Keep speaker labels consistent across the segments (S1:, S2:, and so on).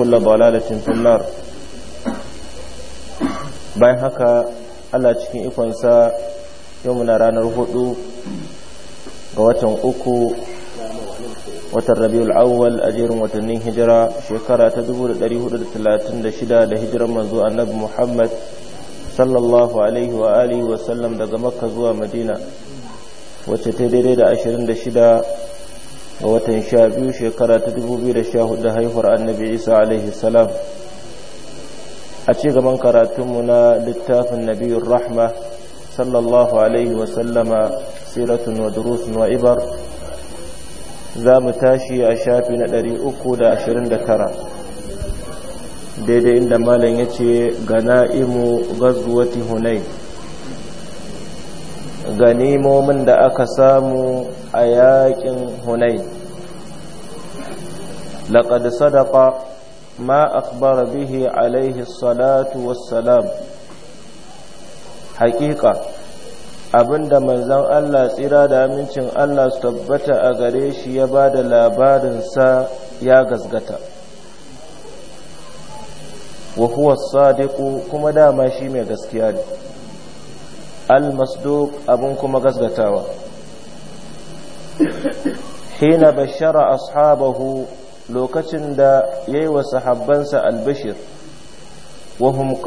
S1: وكل ضلالة في bayan haka Allah cikin ikonsa yau muna ranar hudu ga watan uku watan rabiul awwal a jerin watannin hijira shekara ta 436 da hijiran manzo annabi Muhammad sallallahu alaihi wa alihi wa sallam daga makka zuwa madina wacce ta daidai da 26 a watan sha biyu shekara ta dubu biyu da sha hudu haihuwar annabi isa alaihi salam a ci gaban karatunmu na littafin nabiyun rahma sallallahu alaihi wasallama siratun wa durusun wa ibar za mu tashi a shafi na ɗari uku da ashirin da tara daidai inda malam ya ce gana'imu gazuwati hunai ganimomin da aka samu a yakin hunai لقد صدق ما أخبر به عليه الصلاة والسلام حقيقة abinda manzon Allah tsira da amincin Allah su tabbata a gare shi ya ba da labarinsa ya gazgata wa huwa sadiqu kuma dama shi mai gaskiya ne al-masduq abin kuma gasgatawa hina bashara ashabahu lokacin da ya yi wa sahabbansa albishir wahum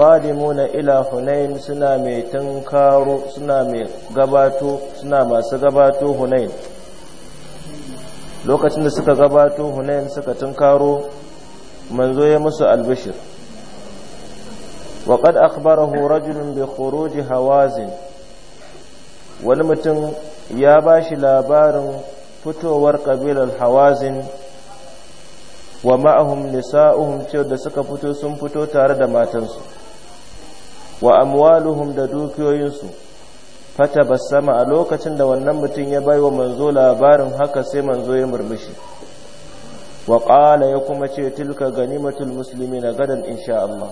S1: na ila hunain suna mai tunkaro suna mai gabato suna masu gabato hunain lokacin da suka gabato hunain suka tunkaro manzo ya musu albishir وقد أخبره bi بخروج hawazin wani mutum ya ba shi labarin fitowar ƙabilar hawazin wa ma'ahum nisa'uhum cewa da suka fito sun fito tare da matansu wa amwaluhum da dukiyoyinsu fata basama a lokacin da wannan mutum ya bai wa manzo labarin haka sai manzo ya murmushi wa ƙala ya kuma ce tilka ganimatul musulmi na gadon insha Allah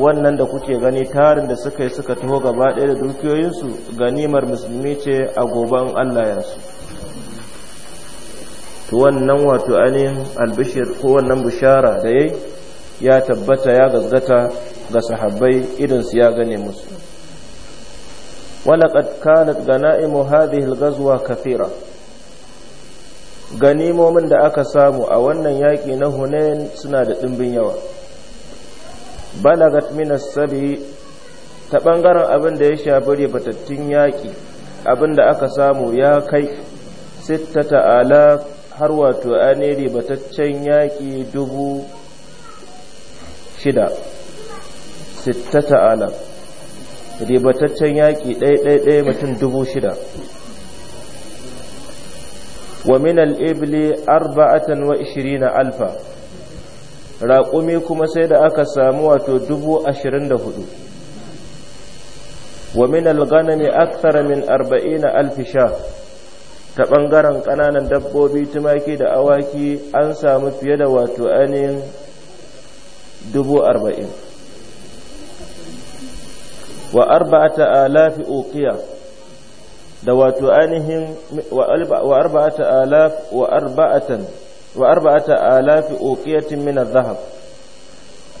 S1: wannan da kuke gani tarin da suka yi suka taho gaba ɗaya da dukiyoyinsu ganimar musulmi ce a goban Allah ya wannan wato ainihin albishir ko wannan bishara da yayi ya tabbata ya gaggata ga sahabbai idan su ya gane musu walaqad kanat ganaimu hadhihi alghazwa kafira. ganimomin da aka samu a wannan yaƙi na Hunain suna da ɗimbin yawa balagat min as-sabi ta bangaren abin da ya shafi ribatattun yaki abin da aka samu ya kai sittata alaf har wato an yi ribataccen yaƙi dubu shida sittata alam ribataccen yaƙi ɗaiɗaiɗai mutum dubu shida wa min al'ibli arba'atan wa ishirina alfa raƙumi kuma sai da aka samu wato dubu ashirin da hudu wa min al-ganami akthara min arba'ina alfi sha ta ɓangaren ƙananan dabbobi tumaki da awaki an samu fiye da wato ainihin dubu arba'in wa arba'ata alafi uqiya da wato ainihin wa arba'ata alaf wa arba'atan wa arba'ata alafi uqiyatin min adh-dhahab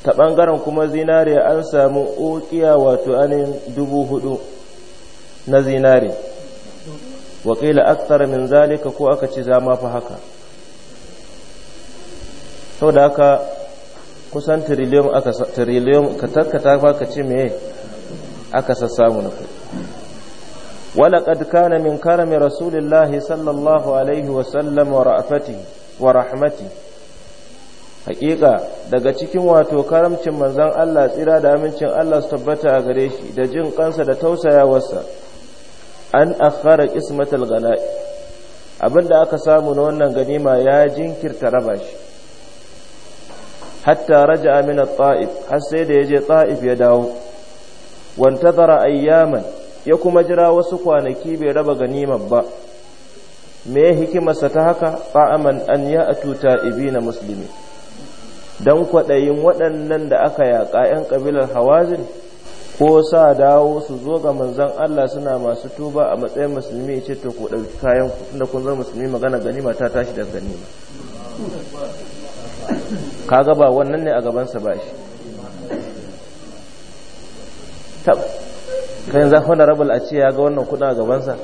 S1: ta ɓangaren kuma zinariya an samu uqiya wato ainihin dubu hudu na zinariya wa qila min zalika ko aka ce zama fa haka sau da aka kusan tiriliyon aka trillion ka tarkata fa ka ce mai aka sassamu na kai ولقد كان min كرم رسول sallallahu alaihi wa عليه wa rahmati. hakika daga cikin wato karamcin manzan Allah tsira da amincin Allah su tabbata a gare shi da jin kansa da wasa. an akhara qismatul ghana'i abinda aka samu na wannan ganima ya jinkirta raba shi hatta raja'a min at-ta'if har sai da yaje ta'if ya dawo wantazara ayyaman ya kuma jira wasu kwanaki bai raba ganimar ba me hikimarsa ta haka fa'aman an ya atuta na musulmi Dan kwaɗayin waɗannan da aka yaƙa ‘yan ƙabilar hawazin ko sa dawo su zo ga manzan Allah suna masu tuba a matsayin musulmi ce to ku ɗauki kayan ku tunda kun zama musulmi magana ganima ta tashi da ganima kaga ba wannan ne a gabansa ba shi tab kai yanzu honorable a ce ya ga wannan kuɗin a gabansa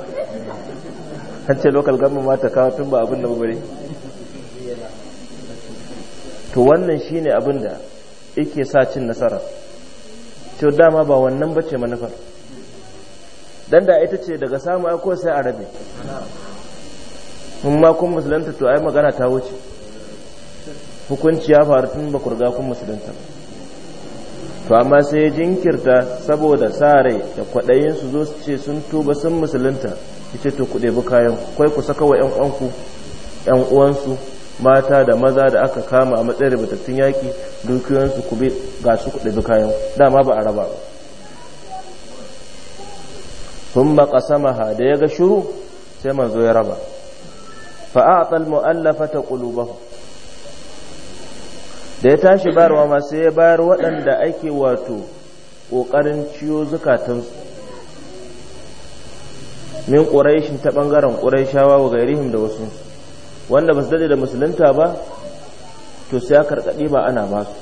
S1: an ce lokal government ma ta kawo tun ba abin da bare to wannan shine abin da yake sa cin nasara to dama ba wannan ba ce manufar dan da ita ce daga samu ko sai a rabe mun ma kun musulunta to ai magana ta wuce hukunci ya faru tun ba kurga kun musulunta to amma sai ya jinkirta saboda sa rai da kwaɗayin su zo su ce sun tuba sun musulunta ya ce to ku ɗebi kayan kwai ku saka wa 'yan 'yan uwansu mata da maza da aka kama a matsayin rubutattun yaƙi dukiyoyinsu ku bi ga su kuɗi kayan dama ba a raba ba sun maha da ya ga shiru sai manzo ya raba fa'aƙal mu'allafa ta ƙulubahu da ya tashi bayarwa ma sai ya bayar waɗanda ake wato ƙoƙarin ciyo zukatansu min ƙuraishin ta ɓangaren ƙuraishawa wa gairihim da wasu wanda ba su dade da musulunta ba to sai aka karkaɗe ba ana ba su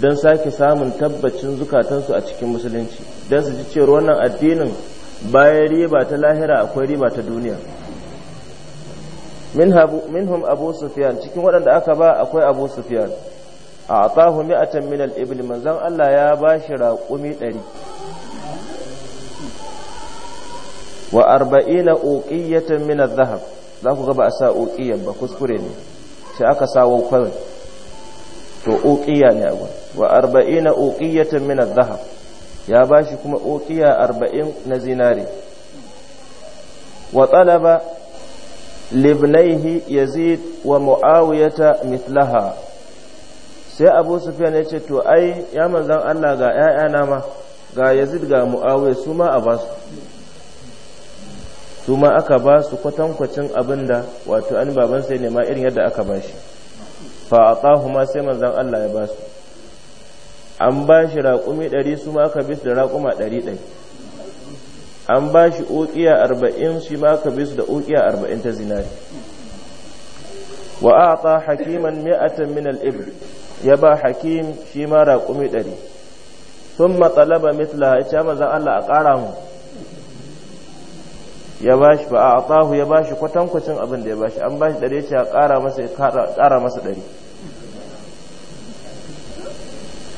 S1: don sake samun tabbacin zukatansu a cikin musulunci don su ji cewar wannan addinin bayan riba ta lahira akwai riba ta duniya minhum abu Sufiyar cikin waɗanda aka ba akwai abu Sufiyar. a atahu mi'atan min al-ibl manzon Allah ya ba shi raƙumi ɗari wa arba'ina uqiyatan min adh-dhahab za ku gaba a sa uƙiyan ba kuskure ne sai aka sawo kawai to uƙiya ne abu wa arba'ina uƙiyatan min mina zaha ya bashi kuma uƙiya arba'in na zinare wa talaba libnaihi yazid wa muawiyata mitlaha sai abu sufyan ya ce to ai ya manzan Allah ga yaya ma ga yazid ga mu'awiyar su ma a basu su ma aka ba su kwatankwacin abin da wato an baban sai nema irin yadda aka ba shi fa tsahu ma sai manzan Allah ya ba su an ba shi raƙumi ɗari su ma aka bisu da raƙuma ɗari ɗari an ba shi uƙiya arba'in shi ma aka bisu da uƙiya arba'in ta zinari wa ta hakiman mi'atan min al-ibr ya ba hakim shi ma raƙumi ɗari sun matsalaba mitla ya ce manzan Allah a ƙara mu ya bashi ba a atahu ya bashi kwatankwacin abin da ya bashi an bashi dare ce a ƙara masa ɗari dare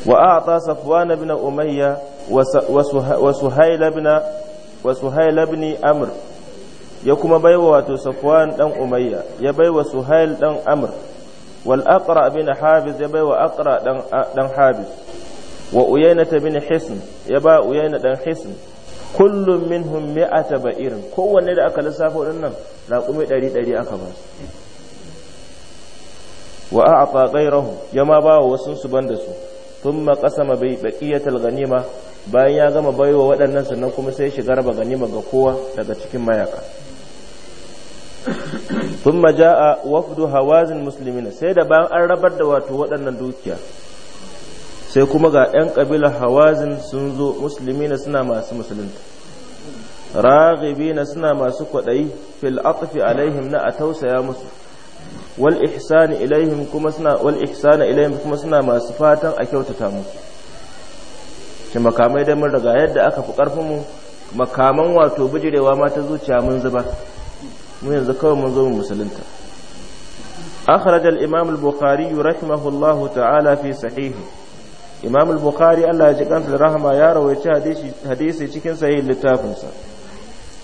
S1: wa a safuwa na bin umayya wa suhail ibn wa amur ya kuma baiwa wato safwan dan umayya ya baiwa suhail dan amr wal aqra bin habiz ya baiwa aqra dan habis wa uyayna ta bin hisn ya ba uyayna dan hisn kullum minhum mi'ata irin, kowanne da aka lissafa waɗannan raƙumi ɗari ɗari aka ba su wa a rahu ya ma ba wa wasu su banda su tun ma ƙasa ma bai talgani ma bayan ya gama baiwa waɗannan sannan kuma sai shiga raba ganima ga kowa daga cikin mayaka Tun ma ja a wafdu hawazin musulmin sai da bayan an rabar da wato waɗannan dukiya sai kuma ga 'yan ƙabilar hawazin sun zo musulmi na suna masu musulunta ragibi na suna masu kwaɗayi fil aqfi alaihim na a tausaya musu wal ihsani ilaihim kuma suna wal ihsani ilaihim kuma suna masu fatan a kyautata musu shi makamai da mun daga yadda aka fi ƙarfinmu mu makaman wato bijirewa ma ta zuciya mun zuba mu yanzu kawai mun zo mu musulunta akhraj al imam al bukhari rahimahullahu ta'ala fi sahihi imam al-bukhari Allah ya ji kansa da rahama ya rawaici hadisi cikin sahih littafinsa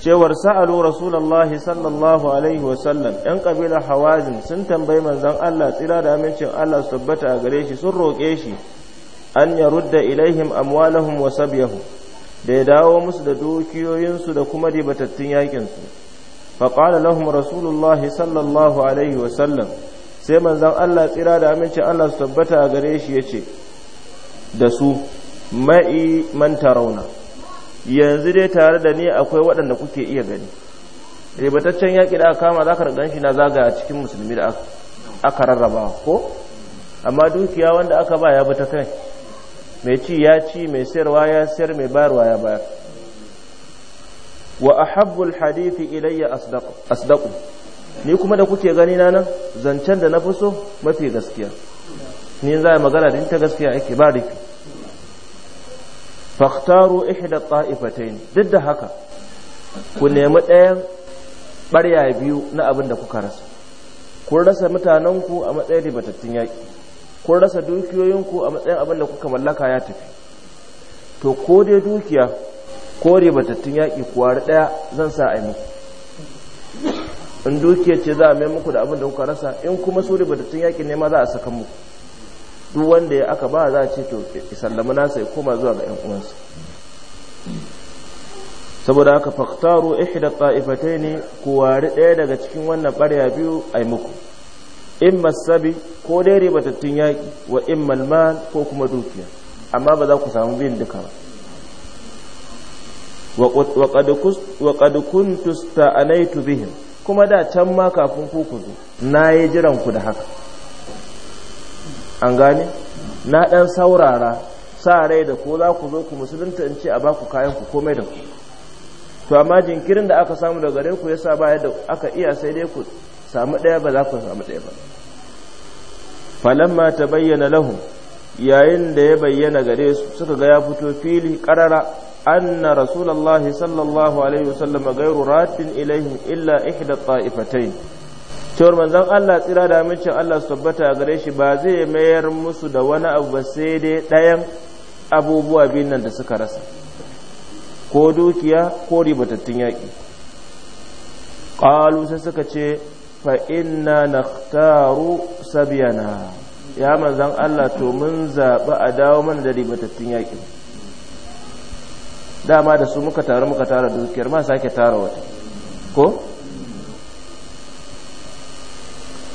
S1: cewar sa'alu rasulullahi sallallahu alaihi wa sallam 'yan kabilar hawazin sun tambayi manzon Allah tsira da amincin Allah su tabbata a gare shi sun roƙe shi an ya rudda ilaihim amwalahum wa sabyahum da ya dawo musu da dukiyoyinsu da kuma ribatattun yakinsu faƙala lahum rasulullahi sallallahu alaihi wa sallam sai manzon Allah tsira da amincin Allah su tabbata a gare shi ya ce da su ma'i manta rauna yanzu dai tare da ni akwai waɗanda kuke iya gani ribataccen yaƙi da aka kama za ka gan shi na zagaya cikin musulmi da aka rarraba ko amma dukiya wanda aka ba ya bi ta kai mai ci ya ci mai sayarwa ya sayar mai bayarwa ya bayar wa ahabbul hadithi ilayya asdaqu ni kuma da kuke gani na nan zancen da na fi so mafi gaskiya ni za magana da ta gaskiya ake ba rufi faktaru ihda ta'ifatain duk da haka ku nemi ɗayan ɓarya biyu na abin da kuka rasa kun rasa mutanenku a matsayin ribatattun yaƙi kun rasa dukiyoyinku a matsayin abin da kuka mallaka ya tafi to ko dai dukiya ko ribatattun yaƙi wari ɗaya zan sa a muku in dukiya ce za a mai muku da abin da kuka rasa in kuma su ribatattun yaƙi ne ma za a saka muku duk wanda ya aka ba za a ce to sallama nasa ya koma zuwa ga ‘yan uwansa saboda haka faktaru ihda ta'ifatai ne ku wari ɗaya daga cikin wannan ɓarya biyu a yi muku in masabi ko dai ribatattun yaƙi wa in malman ko kuma dukiya amma ba za ku samu bin duka ba wa qad kuntu sta'anaitu bihim kuma da can ma kafin ku ku zo na yi jiran ku da haka an gane na ɗan saurara sa rai da ko za ku zo ku musulunta in ce a baku kayan ku komai da ku to amma jinkirin da aka samu daga gare ku yasa ba yadda aka iya sai dai ku samu ɗaya ba za ku samu ɗaya ba falamma ta bayyana lahu yayin da ya bayyana gare su suka ga ya fito fili karara anna rasulullahi sallallahu alaihi wasallam gairu ratin ilaihim illa ihda ta'ifatain cewar manzon Allah tsira da amincin Allah su tabbata gare shi ba zai mayar musu da wani abu ba sai dai ɗayan abubuwa biyun nan da suka rasa ko dukiya ko ribatattun yaƙi ƙalu sai suka ce fa inna nakhtaru sabiyana ya manzon Allah to mun zaɓi a dawo mana da ribatattun yaƙi dama da su muka taru muka tara dukiyar ma sake tara wata ko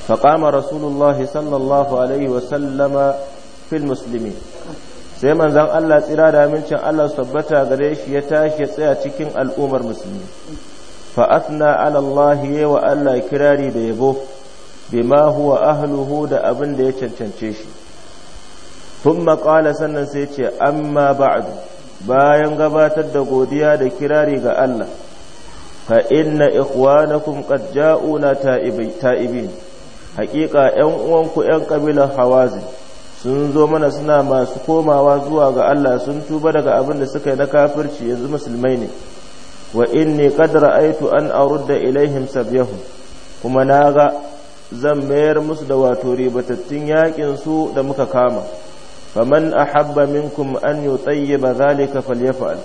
S1: فقام رسول الله صلى الله عليه وسلم في المسلمين sai manzan Allah tsira da amincin Allah su tabbata gare shi ya tashi ya tsaya cikin al'ummar musulmi fa asna ala Allah ya wa Allah kirari da yabo bima huwa ahluhu da abin da ya cancance shi thumma qala sannan sai ce amma ba'du bayan gabatar da godiya da kirari ga Allah fa inna ikhwanakum qad ja'una ta'ibin haƙiƙa ‘yan uwanku ‘yan kabilar hawazin sun zo mana suna masu komawa zuwa ga Allah sun tuba daga abin da suka yi na kafirci yanzu musulmai ne wa inni qad ra'aytu an arudda ilaihim sabyahum kuma naga zan mayar musu da wato ribatattun yakin su da muka kama faman ahabba minkum an yutayyiba zalika falyaf'al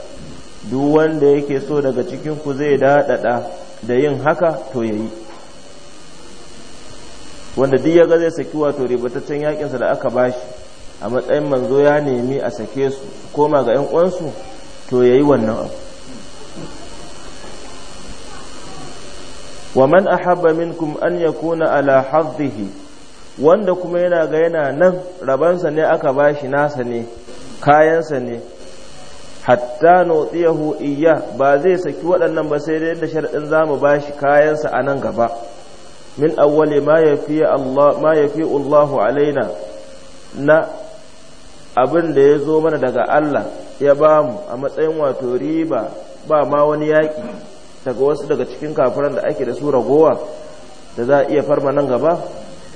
S1: duk wanda yake so daga cikin ku zai dadada da yin haka to yayi wanda duk ya ga zai saki wato ribataccen sa da aka bashi a matsayin manzo ya nemi a sake su koma ga yan uwansu to yayi wannan abu wa man ahabba minkum an yakuna ala hadhihi wanda kuma yana ga yana nan rabansa ne aka bashi nasa ne kayansa ne hatta nutsiyahu iya ba zai saki waɗannan ba sai dai da sharadin zamu bashi kayansa a nan gaba min awwali ma yafi Allah Allah alaina na abin da ya zo mana daga Allah ya ba mu a matsayin wato riba ba ma wani yaƙi daga wasu daga cikin kafiran da ake da su ragowa da za a iya farma nan gaba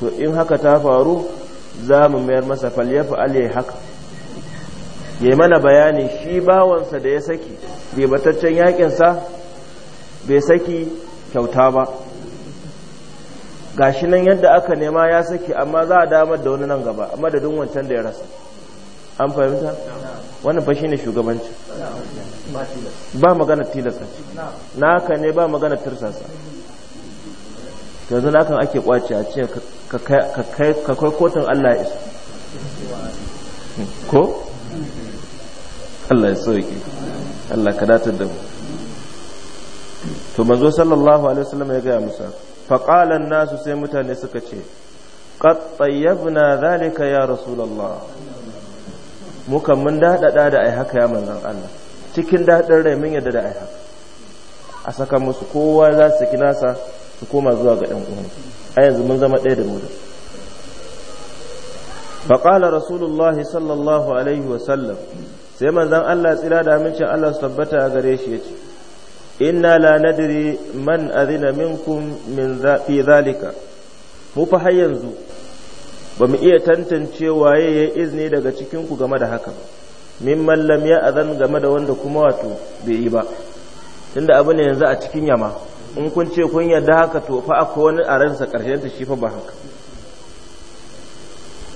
S1: to in haka ta faru za mu mayar masa falyafa aliyai haka ya mana bayani shi bawansa da ya saki ribataccen sa bai saki kyauta ba gashi nan yadda aka nema ya saki amma za a damar da wani nan gaba amma da dun wancan da ya rasa an fahimta wannan fa ne shugabanci ba magana tilasta aka ne ba magana tirsasa yanzu nakan ake kwace a ce ka kai kotun Allah ya isa ko Allah ya sauke Allah ka datar da mu to manzo sallallahu alaihi wasallam ya gaya musa faƙalan nasu sai mutane suka ce ƙatsayyabna zalika ya rasulallah muka mun daɗaɗa da ai haka ya manzan Allah cikin daɗin rai mun yadda da ai haka a saka kowa za su kinasa su koma zuwa ga ɗan uwan a yanzu mun zama ɗaya da mu da faƙalar rasulullahi sallallahu alaihi wasallam sai manzan Allah tsira da amincin Allah su tabbata a gare shi ya ce inna la man azina minkum min fi zalika mu fa har yanzu ba mu iya tantance waye ya izini daga cikin ku game da haka min mallam ya azan game da wanda kuma wato bai yi ba tunda abu ne yanzu a cikin yama in kun ce kun yarda haka to fa akwai wani a ransa karshen ta shi fa ba haka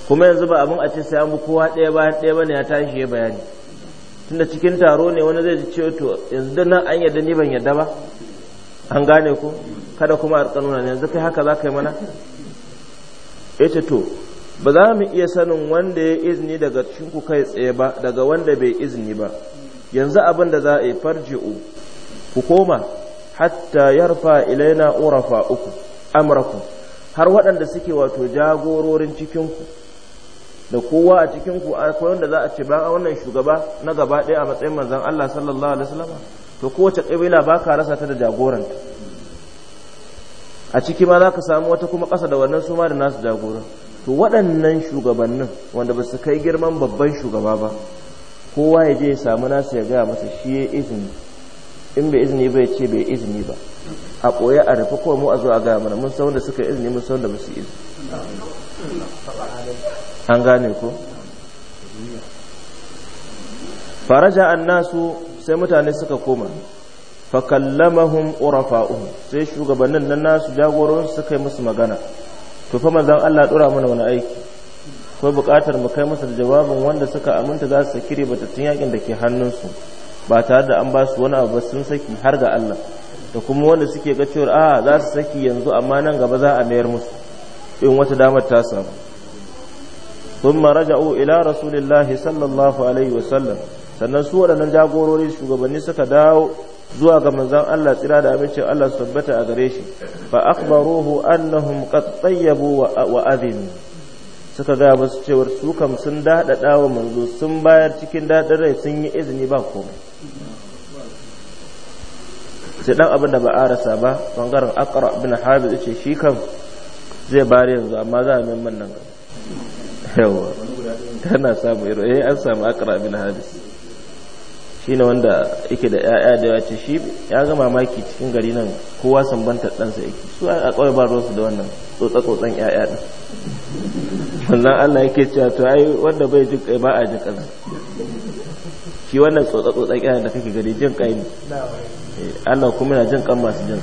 S1: kuma yanzu ba abin a ce sai an kowa ɗaya bayan ɗaya bane ya tashi ya bayani tunda cikin taro ne wani zai ce to yanzu da nan an yadda ni ban yadda ba an gane ku kada kuma a kanuna ne yanzu kai haka za ka yi mana ya to ba za mu iya sanin wanda ya izini daga cikin ku kai tsaye ba daga wanda bai izini ba yanzu abin da za a yi farji'u ku koma hatta yarfa ilaina urafa uku amraku har waɗanda suke wato jagororin cikinku da kowa a cikin ku akwai wanda za a ce ba wannan shugaba na gaba ɗaya a matsayin manzan Allah sallallahu alaihi wasallam to kowace kabila ba ka rasa ta da jagoranta a ciki ma za ka samu wata kuma ƙasa da wannan su ma da nasu jagoran to waɗannan shugabannin wanda ba su kai girman babban shugaba ba kowa ya je ya samu nasu ya gaya masa shi ya izini in bai izini ba ya ce bai izini ba a ɓoye a rufe ko mu a zo a gaya mana mun san da suka izini mun san da musu izini an gane ko faraja annasu sai mutane suka koma fakallamahum urafa'uhum sai shugabannin na nasu jagoron suka yi musu magana to fa manzon Allah dora mana wani aiki ko bukatar mu kai musu da jawabin wanda suka aminta za su saki ribatattun yakin da ke hannunsu ba tare da an ba su wani abu ba sun saki har ga Allah da kuma wanda suke ga cewar a ah, za su saki yanzu amma nan gaba za a mayar musu in wata damar ta samu sun رجعوا إلى ila الله صلى الله sannan su waɗannan jagorori shugabanni suka dawo zuwa ga manzan Allah tsira da abincin Allah su tabbata a gare shi fa akhbaruhu annahum qad tayyabu wa adhin suka ga musu cewar su kam sun daɗaɗa wa manzo sun bayar cikin dadin rai sun yi izini ba komai sai dan abin da ba a rasa ba bangaren akara bin habib ce shi kan zai bari yanzu amma za a mimman nan yawa tana samu iro eh an samu akara bin habib shi ne wanda yake da ya'ya da yawa shi ya ga mamaki cikin gari nan kowa sambanta ɗansa yake su a kawai ba su da wannan tsotsa-tsotsan ya'ya ɗin wannan allah yake cewa to ai wanda bai jin ba a jin ƙanan shi wannan tsotsa-tsotsa kyan da kake gari jin kai ne eh, Allah kuma yana jin kan masu jin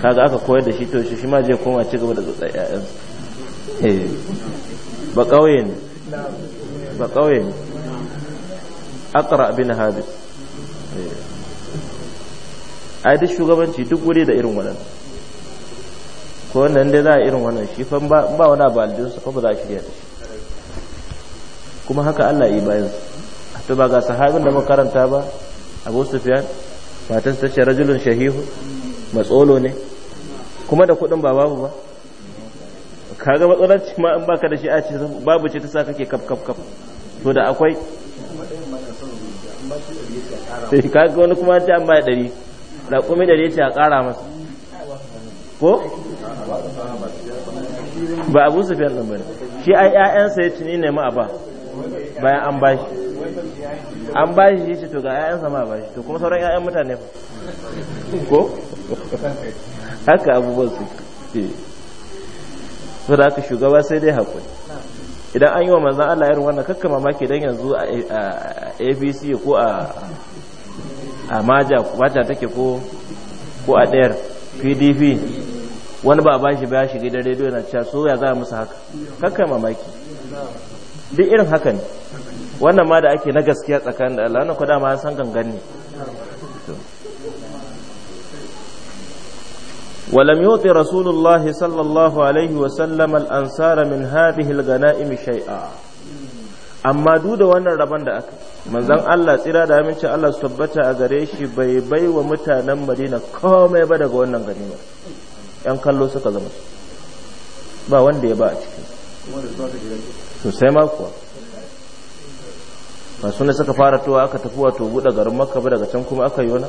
S1: kaga aka koyar da shi to shi ma zai koma ci gaba da tsotsa ƴaƴansa eh, ba kauye ne ba kauye ne aqra bin habib eh, ai duk shugabanci duk wuri da irin wannan ko nan dai za a irin wannan shi fa ba wani abu aljinsu fa ba za a shirya da shi kuma haka Allah yi bayansu to ba ga sahabin da muka karanta ba abu sufyan matan ta ce rajulun shahihu matsolo ne kuma da kuɗin ba babu ba kaga matsalanci ma in baka da shi a ce babu ce ta sa kake kaf kaf kaf to da akwai
S2: sai kaga wani kuma ta an ba
S1: ɗari kuma ɗari ce a ƙara masa ko ba abu sufyan ɗan ba ne shi ai ƴaƴansa ya tuni ne ma a ba bayan an ba shi
S2: an ba shi
S1: shi to ga 'ya'yansa ma ba shi to kuma sauran 'ya'yan mutane ba ko haka abubuwan su ke so da aka shugaba sai dai haƙuri idan an yi wa manzan Allah irin wannan kakka mamaki don yanzu a abc ko a a maja maja take ko ko a ɗayar pdp wani ba ba shi ba shi gidan rediyo na cewa so ya za a musu haka kakka mamaki duk irin haka ne wannan ma da ake na gaskiya tsakanin da Allah wannan ku dama san gangan ne ولم يعطي رسول الله صلى الله عليه وسلم من هذه الغنائم شيئا amma du da wannan rabon da aka manzon Allah tsira da aminci Allah su tabbata a gare shi bai bai wa mutanen Madina komai ba daga wannan ganimar yan kallo suka zama ba wanda ya ba a ciki sosai ma kuwa ba suna suka fara tuwa aka tafi wato buɗe garin maka ba daga can kuma aka yi wani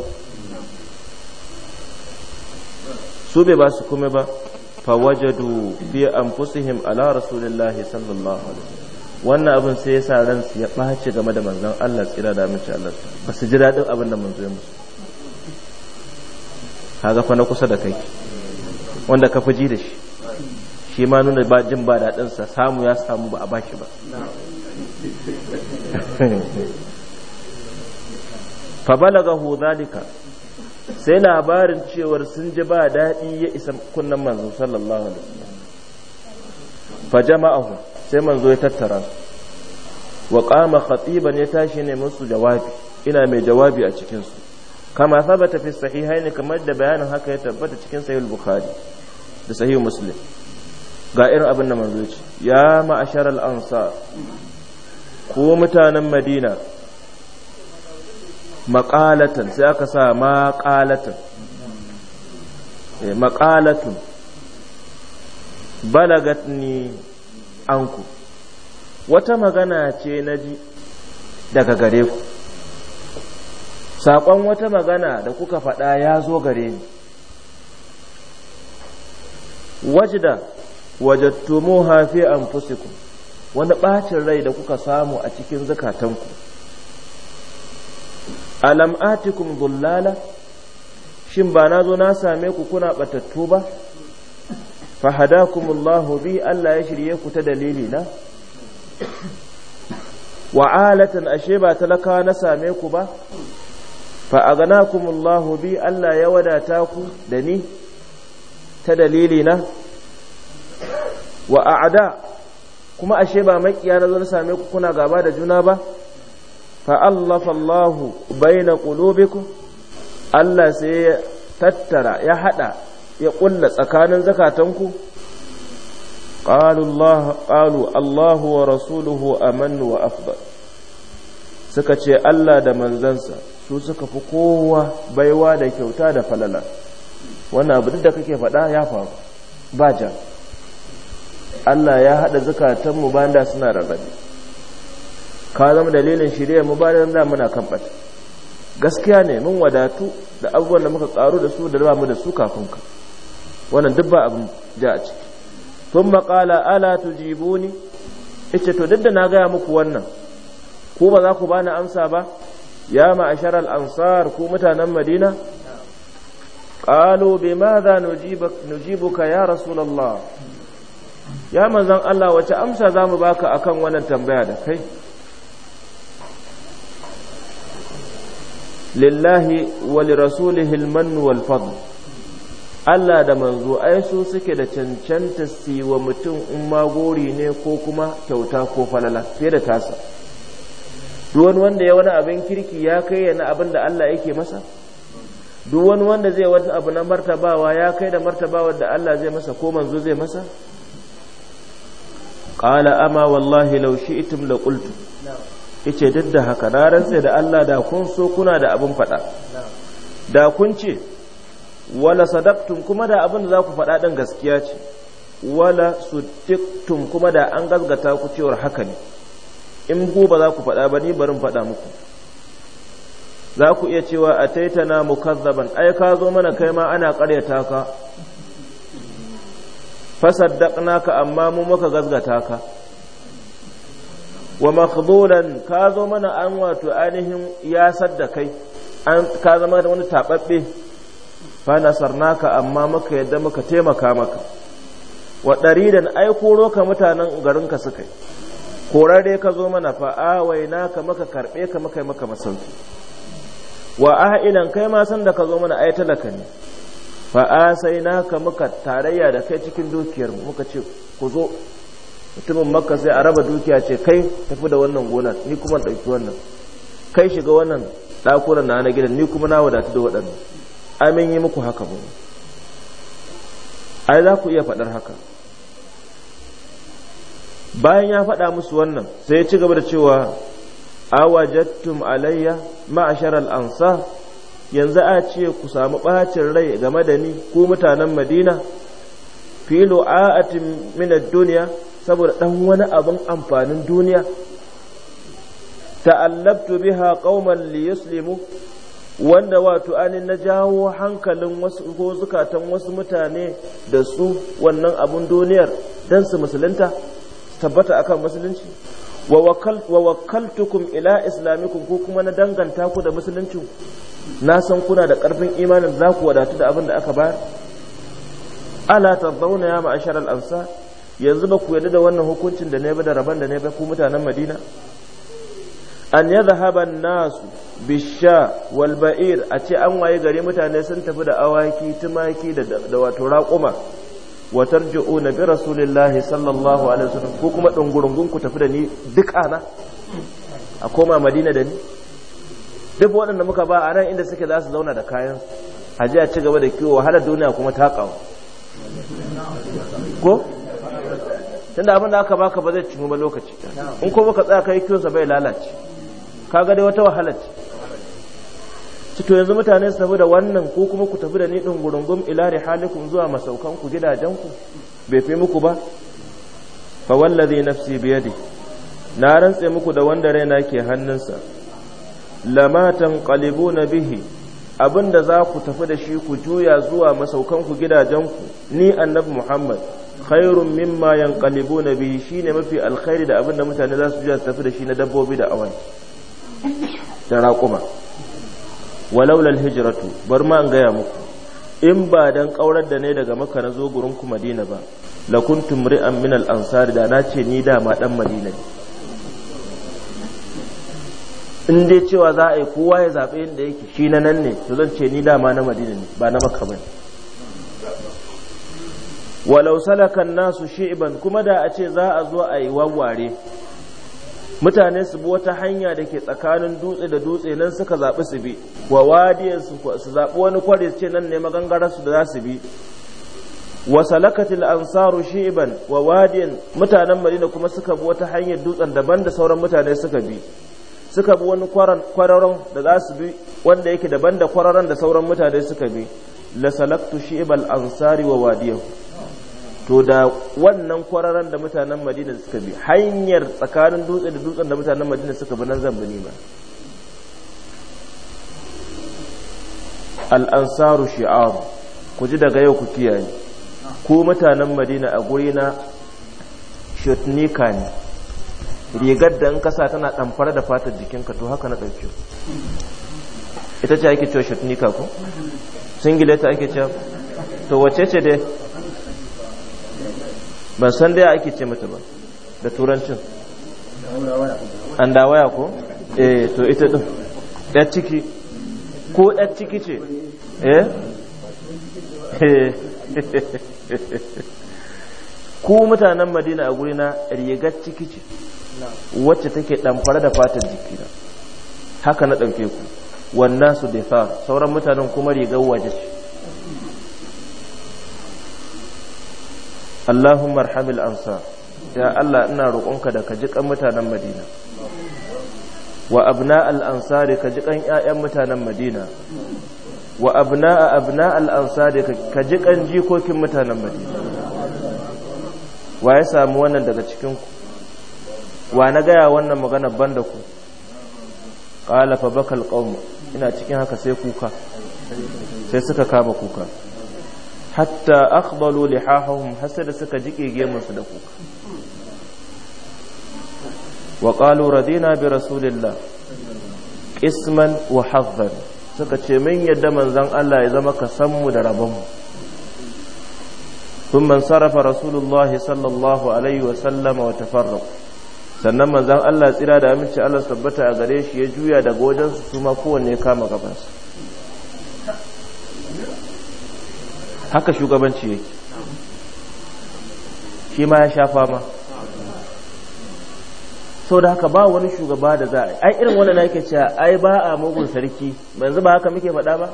S1: su bai ba su kuma ba fawajadu fi fusihim ala rasulillahi sallallahu alaihi wannan abin sai yasa ran su ya ɓaci game da manzon Allah tsira da mace Allah ba su ji daɗin abin da manzo ya musu kaga fa na kusa da kai wanda ka fi ji da shi shi ma nuna ba jin ba daɗinsa samu ya samu ba a shi ba fa balagahu zalika sai labarin cewar sun ji ba daɗi ya isa kunnan manzo sallallahu alaihi wasallam fa jama'ahu sai manzo ya tattara wa qama khatiban ya tashi ne musu jawabi ina mai jawabi a cikin su kama sabata fi sahihaini kamar da bayanin haka ya tabbata cikin sahih bukhari da sahih muslim ga irin abin da manzo ya ce ya ma'ashar al-ansar ko mutanen madina maƙalatan sai aka sa maƙalatan eh, maƙalatun balagat ni anku wata magana ce na ji daga gare ku saƙon wata magana da kuka faɗa ya zo gare ni wajda wajattumu hafi anfusikum wani ɓacin rai da kuka samu a cikin zukatanku alam atikum zullala shin ba na zo na same ku kuna batattu ba fahadakumullahu bi Allah ya shirye ku ta dalili na wa'alatan ashe ba talaka na same ku ba fa'aganakumullahu bi Allah ya wadata ku da ni ta dalili na wa'ada kuma ashe ba makiya na zo same ku kuna gaba da juna ba fa'allafa Allahu baina qulubikum Allah sai ya tattara ya hada ya kulla tsakanin zakatanku qalu Allah qalu Allahu wa rasuluhu aman wa afdal suka ce Allah da manzansa su suka fi kowa baiwa da kyauta da falala wannan abu duk da kake faɗa ya faru ba ja Allah ya haɗa zukatan mu bayan da suna rarrabe ka zama dalilin shirya mu bayan da muna kan bata gaskiya ne mun wadatu da abubuwan da muka karu da su da ba mu da su kafin ka wannan duk ba abin ja a ciki tun maƙala ala tujibuni ita to duk da na gaya muku wannan ko ba za ku bani amsa ba ya ma'ashar al'ansar ko mutanen madina qalu bai ma za nujibuka ya rasulallah ya manzan Allah wace amsa za mu baka akan wannan tambaya da kai lillahi wali lirasulihi almannu wal fadl Allah da manzo ai su suke da cancanta siwa mutum in magori ne ko kuma kyauta ko falala fiye da tasa duk wanda ya wani abin kirki ya kai yana abin da Allah yake masa duk wani wanda zai wani abu na martabawa ya kai da martabawa da Allah zai masa ko manzo zai masa Ƙala ama wallahi itim da da kultu ice duk da haka na rantsa da Allah da kun so kuna da abin faɗa da kun ce wala sadaktum kuma da abin da za ku faɗa ɗin gaskiya ce wala suddiqtum kuma da an gazgata ku cewar haka ne in ku ba za ku faɗa ba ni barin faɗa muku za ku iya cewa a taitana mukazzaban ai ka zo mana kai ma ana ƙaryata ka ka amma mu muka gazgata ka wa makhdulan ka zo mana an wato ainihin ya sadda kai an ka zama da wani tababbe fa nasarnaka amma muka yadda muka taimaka maka wa daridan ai koro ka mutanen garin ka suka korare ka zo mana fa awaina ka maka karbe ka maka maka masauki wa ahilan kai ma san da ka zo mana ai talaka ne sai naka muka tarayya da kai cikin dukiyar muka ce ku zo mutumin makka sai a raba dukiya ce kai tafi da wannan gonar ni kuma ɗauki wannan kai shiga wannan ɗakunan na na gidan ni kuma na wadatu da waɗannan amin yi muku haka ba ai za ku iya faɗar haka bayan ya faɗa musu wannan sai ya ci gaba da cewa awajattum alayya ma'ashar al'ansa yanzu a ce ku samu ɓacin rai game da ni ko mutanen madina filo a'atin minar duniya saboda ɗan wani abin amfanin duniya ta'allabtu biha qauman li yuslimu wanda wato anin na jawo hankalin wasu ko zukatan wasu mutane da su wannan abun duniyar dan su musulunta tabbata akan musulunci wa wakaltukum ila islamikum ko kuma na danganta ku da musuluncin na san kuna da ƙarfin imanin za ku wadatu da abin da aka bayar ala ta zauna ya ma'ashar al'amsa yanzu ba ku yadda da wannan hukuncin da ne ba da rabon da ne ba ku mutanen madina an ya zahaba nasu bisha walba'ir a ce an waye gari mutane sun tafi da awaki tumaki da wato raƙuma wa tarji'una bi rasulillahi sallallahu alaihi wasallam ko kuma dungurungun ku tafi da ni duk ana a koma madina da ni duk waɗanda muka ba a nan inda suke za su zauna da kayan a a ci gaba da kiwo wahalar duniya kuma ta ƙawo ko tunda abin da aka baka ba zai cimu ba lokaci in ko ka tsaya kai sa bai lalace ka ga dai wata wahala ce ci yanzu mutane su tafi da wannan ko kuma ku tafi da ni ɗin gurungun ilari ku zuwa masaukanku gidajenku bai fi muku ba fa wallazi nafsi biyadi na rantse muku da wanda raina ke hannunsa lama tanqalibuna bihi abinda za ku tafi da shi ku juya zuwa masaukanku gidajenku ni annabi Muhammad khairun mimma yanqalibuna bihi shine mafi alkhairi da abinda mutane za su juya su tafi da shi na dabbobi da awai da raƙuma walaulal alhijratu bar ma an gaya muku in ba dan kaurar da ne daga maka na zo gurin ku Madina ba lakuntum ri'an min al-ansari da na ce ni dama dan Madina ne in dai cewa za a yi kowa ya zaɓe inda yake shi na nan ne to zan ce ni dama na madina ne ba na makka bane walau salakan nasu shi'ban kuma da a ce za a zo a yi wawware mutane su bi wata hanya da ke tsakanin dutse da dutse nan suka zaɓi su bi wa wadiyar su zaɓi wani kwari su ce nan ne magangarar su da za su bi wa salakatil ansaru shi'ban wa wadiyan mutanen madina kuma suka bi wata hanyar dutsen daban da sauran mutane suka bi suka bi wani kwararon da za su bi wanda yake daban da kwararon da sauran mutane suka bi la salaktu shibal ansari wa wadiyahu to da wannan kwararon da mutanen madina suka bi hanyar tsakanin dutse da dutsen da mutanen madina suka bi nan zan bi ba ansaru shi'ar ku ji daga yau ku kiyaye ko mutanen madina a gurina shotnika ne rigar da in kasa tana ɗamfara da fatar jikinka to haka na ɗauke ita ce ake cewa shatunika ko singileta ake cewa to wace ce dai ban san dai ake ce mata ba da turancin an dawaya ko eh to ita ɗin ɗan ciki ko ɗan ciki ce
S2: eh
S1: ku mutanen madina a gurina rigar ciki ce wacce take damfara da fatar jikina haka na ɗauke ku wannan su difar sauran mutanen kuma rigar waje ce Allahumma arhamil ansa. ya Allah ina roƙonka da ka ji kan mutanen Madina wa abna al-ansari ka ji kan ƴaƴan mutanen Madina wa abna abna al-ansari ka ji kan jikokin mutanen Madina wa ya samu wannan daga cikin ku wa na gaya wannan magana ban da ku ƙala bakal ƙaunu ina cikin haka sai kuka sai suka kama kuka hatta akhbalu lihahum har da suka jiƙe gemunsu da kuka wa qalu radina bi rasulillah qisman wa suka ce min yadda manzon Allah ya zama ka san mu da rabonmu mu thumma sarafa rasulullah sallallahu alaihi wa sallama wa sannan manzan Allah tsira da aminci Allah sabbata a gare shi ya juya daga wajensu su ma kowanne ya kama gabansu haka shugabanci yake shi ma ya shafa ma. sau da haka ba wani shugaba da za a yi ai irin wani na yake cewa ai ba a mugun sarki yanzu ba haka muke faɗa ba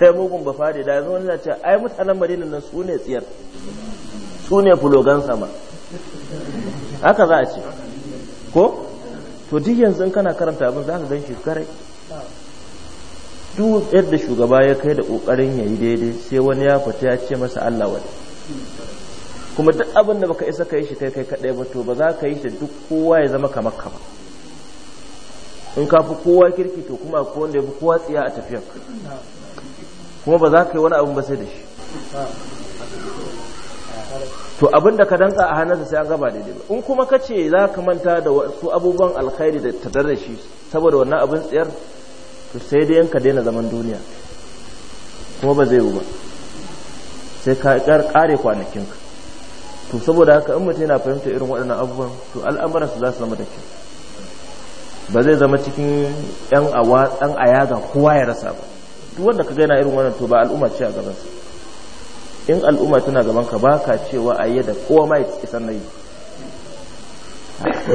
S1: sai mugun ba fadi da yanzu wani na cewa ai mutanen madina nan su ne tsiyar su ne fulogan sama haka za a ce ko to duk yanzu in kana karanta abin za ka gan shi kare duk yadda shugaba ya kai da kokarin yayi daidai sai wani ya fita ya ce masa Allah wani kuma duk abin da baka isa kai shi kai kai kadai ba to ba za ka yi shi duk kowa ya zama kamar ka ba in ka fi kowa kirki to kuma ko wanda ya fi kowa tsiya a tafiyar kuma ba za ka yi wani abin ba sai da shi to abinda ka danka a hannunsa sai an gaba daidai ba in kuma ka ce za ka manta da wasu abubuwan alkhairi da tadar shi saboda wannan abin tsayar to sai dai yanka daina zaman duniya kuma ba zai yi ba sai ka kare kwanakinka to saboda haka in mutum yana fahimta irin waɗannan abubuwan to su za su zama da kyau ba zai zama cikin yan awa dan ayaga kowa ya rasa ba duk wanda ka yana irin wannan to ba al'umma ce a gabansa in al'umma tana gaban ka ba ka cewa a yi yadda kowa ma ya kisan na yi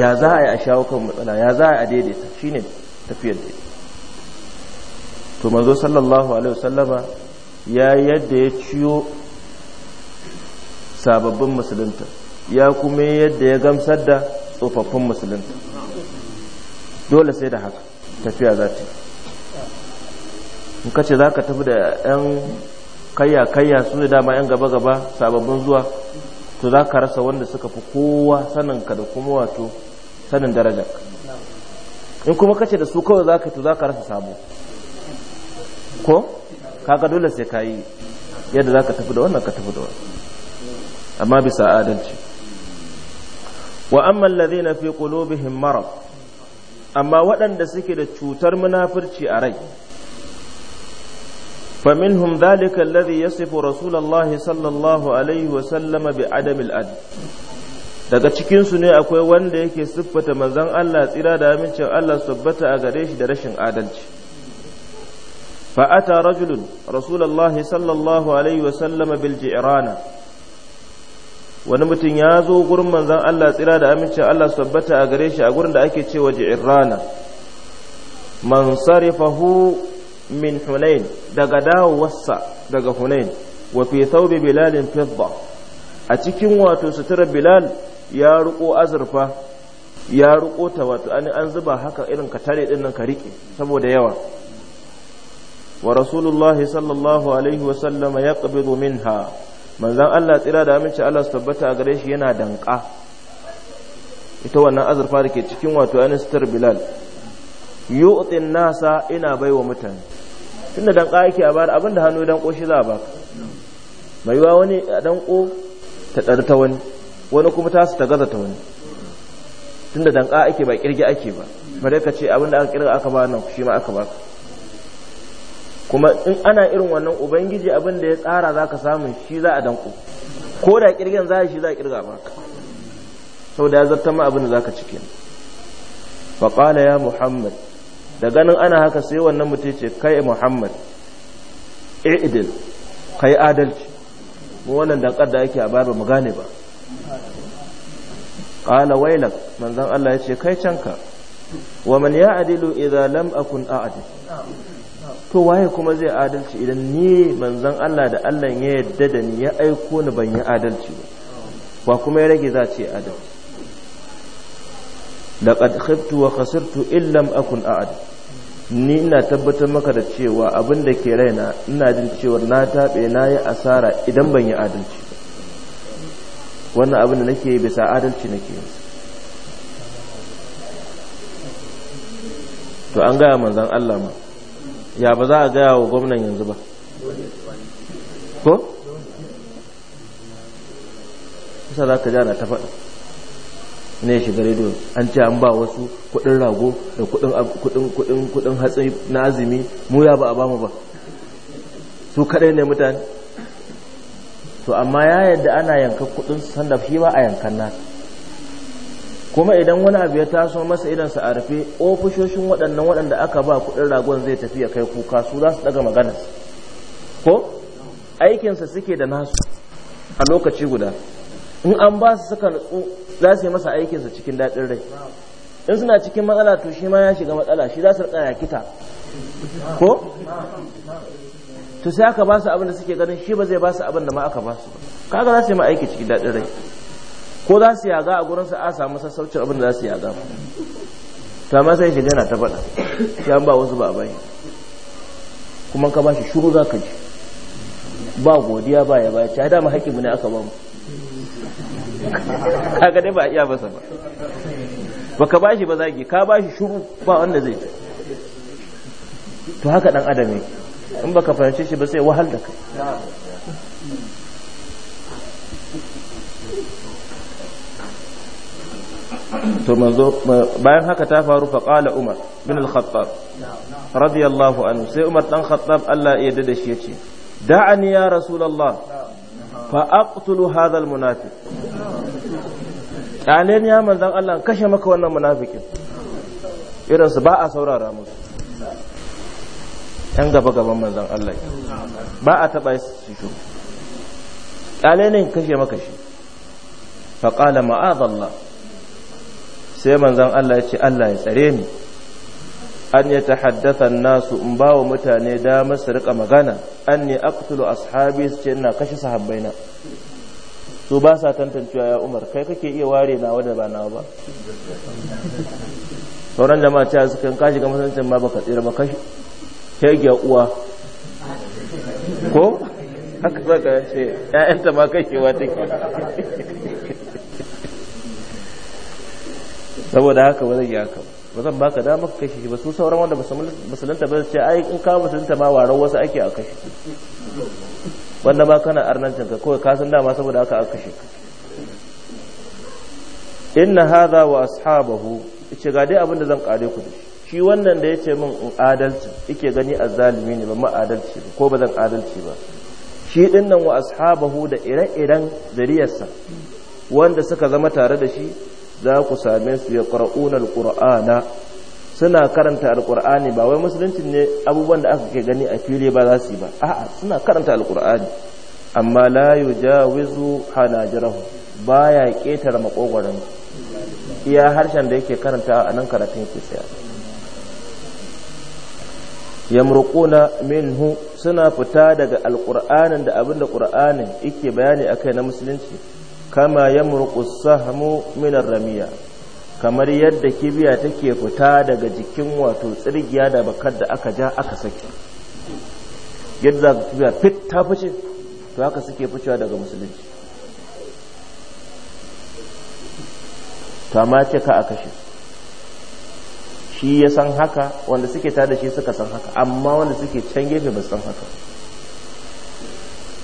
S1: ya za a yi a shawo kan matsala ya za a yi a daidaita shi ne tafiyar da to mazo sallallahu alaihi wasallama ya yadda ya ciyo sababbin musulunta ya kuma yadda ya gamsar da tsofaffin musulunta dole sai da haka tafiya za ta yi in kace za ka tafi da 'yan kayya kayya su ne dama yan gaba gaba sababbin zuwa to za ka rasa wanda suka fi kowa sanin ka da kuma wato sanin darajar in kuma kace da su kawai za ka to za ka rasa sabo ko kaga dole sai ka yi yadda za ka tafi da wannan ka tafi da wannan amma bisa adalci wa amma alladhina fi qulubihim marad amma waɗanda suke da cutar munafurci a rai فمنهم ذلك الذي يصف رسول الله صلى الله عليه وسلم بعدم العدل daga cikinsu ne akwai wanda yake siffata manzon Allah tsira da amincin Allah tabbata a gare shi da rashin adalci fa ata rajulun rasulullahi sallallahu alaihi wa sallama bil ji'rana wani mutum ya zo gurin manzon Allah tsira da amincin Allah tabbata a gare shi a gurin da ake cewa ji'rana man sarifahu min hunain daga dawowarsa daga hunain wa fi thawbi bilalin fidda a cikin wato sutura bilal ya riko azurfa ya riko ta wato an an zuba haka irin ka tare dinnan ka rike saboda yawa wa rasulullahi sallallahu alaihi wa sallama yaqbidu minha manzon Allah tsira da aminci Allah su tabbata a gare shi yana danka ita wannan azurfa da ke cikin wato anistar bilal yu'tin nasa ina baiwa mutane tunda dan ƙa yake a bayar abin da hannu dan ƙoshi za a ka. mai yiwa wani a dan ƙo ta ɗar ta wani wani kuma ta su ta gaza ta wani tunda dan ƙa ake ba ƙirge ake ba bare ka ce abin da aka ƙirga aka ba nan shi ma aka ba kuma in ana irin wannan ubangiji abin da ya tsara za ka samu shi za a danko ko da kirgin za shi za a ba ka. sau da ya zartama abin da za ka cike faƙala ya muhammad da ganin ana haka sai wannan mutum ce kai muhammad i'dil kai adalci mu wannan dankar da ake a babu mu gane ba qala wailak manzon Allah ya ce kai canka wa man ya adilu idza lam akun a'dil to waye kuma zai adalci idan ni manzon Allah da Allah ya yadda da ni ya aiko ni ban yi adalci ba wa kuma ya rage za ce adalci laqad khiftu wa khasirtu illam akun a'ad ni ina tabbatar maka da cewa abin da ke raina ina jin cewa na taɓe na yi asara idan ban yi adalci wannan abin da nake yi bisa adalci nake yi to an gaya manzan Allah ma ya ba za a gaya wa gwamnan yanzu ba ko? kusa za ka na ta faɗa ya shiga rediyo an ce an ba wasu kudin rago da kudin hatsi na azumi mu ya ba a bamu ba su kadai ne mutane to amma ya yadda ana yanka kudin sanda shi ba a yankan na kuma idan wani abu ya taso masa idan sa a rufe ofishoshin waɗannan waɗanda aka ba kudin ragon zai tafi ya kai kuka su za su daga magana ko aikinsa suke da nasu a lokaci guda in an ba su suka nutsu za su yi masa aikinsa cikin daɗin rai in suna cikin matsala to shi ma ya shiga matsala shi za su rika kita ko to sai aka ba su abin da suke ganin shi ba zai ba su abin da ma aka ba su kaga za su yi ma aiki cikin daɗin rai ko za su yaga a gurin sa a samu sassaucin abin da za su yaga to amma sai shi yana ta faɗa shi an ba wasu ba bai kuma ka ba shi shuru za ka ji ba godiya ba ya ba ya dama haƙƙi ne aka ba mu kaga dai ba iya masa ba baka bashi ba zagi ka bashi shuru ba wanda zai ci to haka dan adam ne in baka fahimce shi ba sai wahal da kai to manzo bayan haka ta faru fa qala umar bin al-khattab radiyallahu anhu sai umar dan khattab Allah ya yarda da shi yace da'ani ya rasulullah fa aqtulu hadha almunafiq kyalen ya manzan Allah kashe maka wannan munafikin irinsu ba a saurara musu yan gaba gaban manzan Allah ba a taba su shi kyalen kashe maka shi fa qala ma'adallah sai manzan Allah ya ce Allah ya tsare ni an ya tahaddasa nasu in ba wa mutane damar su rika magana an ne aktulu ashabi su ce ina kashe sahabbaina su ba sa tantancewa ya umar kai kake iya ware na wanda ba na ba sauran jama'a cewa su kan kashi ga masancin ma baka tsira ba kashi kege uwa ko haka ka ce ya'yanta ma kashewa take saboda haka ba zai yi haka ba zan baka damar ka kashe shi ba su sauran wanda musulunta ba ce ai in ka musulunta ma warar wasu ake a kashe wanda ba kana arnancin ka kawai kasan dama saboda aka aka kashe inna hadha wa ashabahu yace ga dai abin da zan kare ku da shi wannan da yace min in adalci yake gani azzalimi ne ba ma adalci ko ba zan adalci ba shi dinnan wa ashabahu da ire-iren zariyarsa wanda suka zama tare da shi za ku same su ya ƙar'unar ƙura'ana suna karanta alƙur'ani ba wai musulunci ne abubuwan da aka ke gani a fili ba za su yi ba a'a suna karanta alƙur'ani amma la jirahu ba ya ƙetare makogwaron iya harshen da yake karanta a nan karatun yake tsaya yamruquna minhu suna fita daga alƙur'anin da abin da ƙur'anin yake bayani a kai na musulunci kama yamruqu sahmu minar ramiya kamar yadda kibiya take fita daga jikin wato tsirgiya da bakar da aka ja aka saki yadda za ka kibiya fit ta fice to haka suke ficewa daga musulunci to amma ce ka a kashe shi ya san haka wanda suke tada shi suka san haka amma wanda suke can gefe ba san haka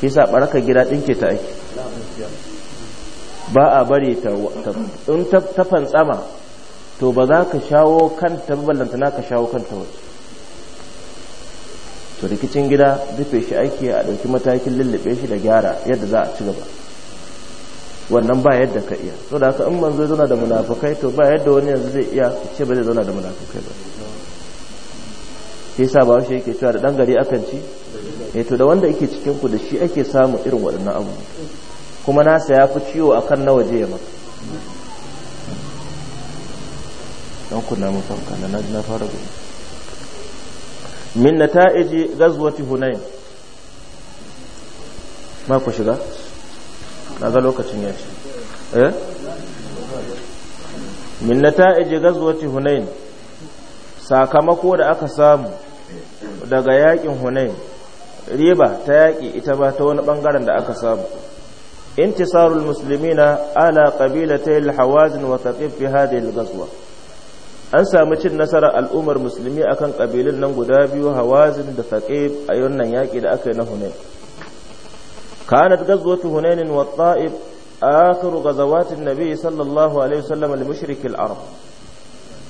S1: shi sa baraka gida ɗinke ta ake ba a bari ta in ta fantsama to ba za ka shawo ta ballanta na ka shawo ta waje to rikicin gida dufe shi ake a ɗauki matakin lullube shi da gyara yadda za a ci gaba wannan ba yadda ka iya to da haka in manzo zauna da munafukai to ba yadda wani yanzu zai iya ce ba zai zauna da munafukai ba sai ba wasu yake cewa da dan gari akan ci eh to da wanda yake cikin ku da shi ake samu irin waɗannan abubuwa kuma nasa ya fi ciwo a kan na waje ya mata don kuna mafanka na na fara gudu min na ta nata'iji gazwati hunain ma ku shiga na ga lokacin ya ce eh min na ta nata'iji gazwati hunain sakamako da aka samu daga yakin hunain riba ta yaƙi ita ba ta wani ɓangaren da aka samu انتصار المسلمين على قبيلتي الحوازن وثقيف في هذه الغزوة an samu cin nasarar al'ummar musulmi akan kabilun nan guda biyu hawazin da thaqib a wannan yaƙi da aka yi na hunain kanat gazwatu hunain wa ta'ib akhiru ghazawatin nabi sallallahu alaihi wasallam al-mushrik al-arab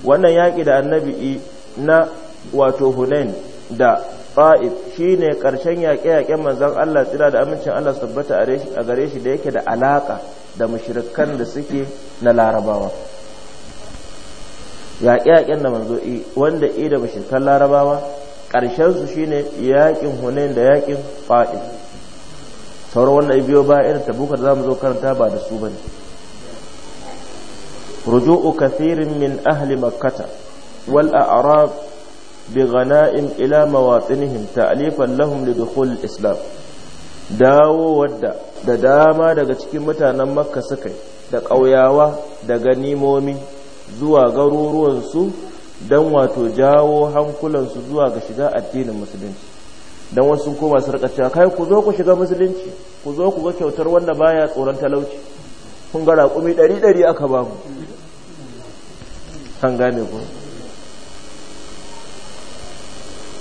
S1: wannan yaƙi da annabi na wato hunain da shi shine ƙarshen yaƙe-yaƙen manzan Allah tsira da amincin Allah sabbata a gare shi da yake da alaƙa da mashirikan da suke na larabawa yaƙe-yaƙen da manzo i wanda i da mashirikan larabawa ƙarshensu shi shine yaƙin hunayen da yaƙin fa'id sauran wannan biyo ba irin tabuka da mu zo karanta ba da su bane ruju'u kathirin min ahli makkata wal a'rab بغنائم إلى مواطنهم تأليفا لهم لدخول islam dawo wadda da dama daga cikin mutanen makka sakai da ƙauyawa da ganimomi zuwa garuruwansu don wato jawo hankulansu zuwa ga shiga addinin musulunci don wasu koma su rika cewa kai ku zo ku shiga musulunci ku zo ku ga kyautar wanda baya tsoron talauci kun ga raƙumi ɗari ɗari aka baku.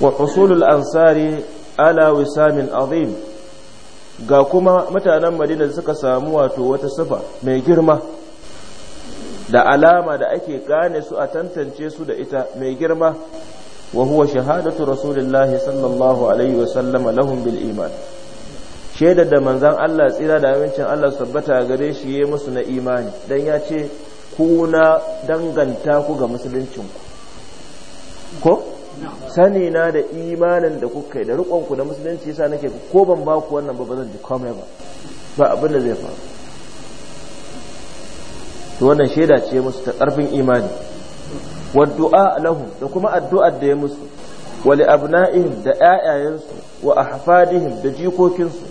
S1: وحصول husulul ansari ala عظيم azim ga kuma mutanen madina da suka samu wato wata sifa mai girma da alama da ake gane su a tantance su da ita mai girma wa huwa shahadatu rasulillahi sallallahu alaihi wa sallama lahum bil iman shaidar da manzan Allah tsira da amincin Allah sabbata gare shi yayi musu na imani dan ya ce ku na danganta ku ga musuluncin ku ko sani na da imanin da kuka yi da riƙonku da musulunci yasa nake ko ban ba ku wannan ba ba zan ji komai ba ba abin da zai faru to wannan shaida ce musu ta karfin imani wa du'a lahum da kuma addu'ar da ya musu wa li abna'ihim da ƴaƴayensu wa ahfadihim da jikokinsu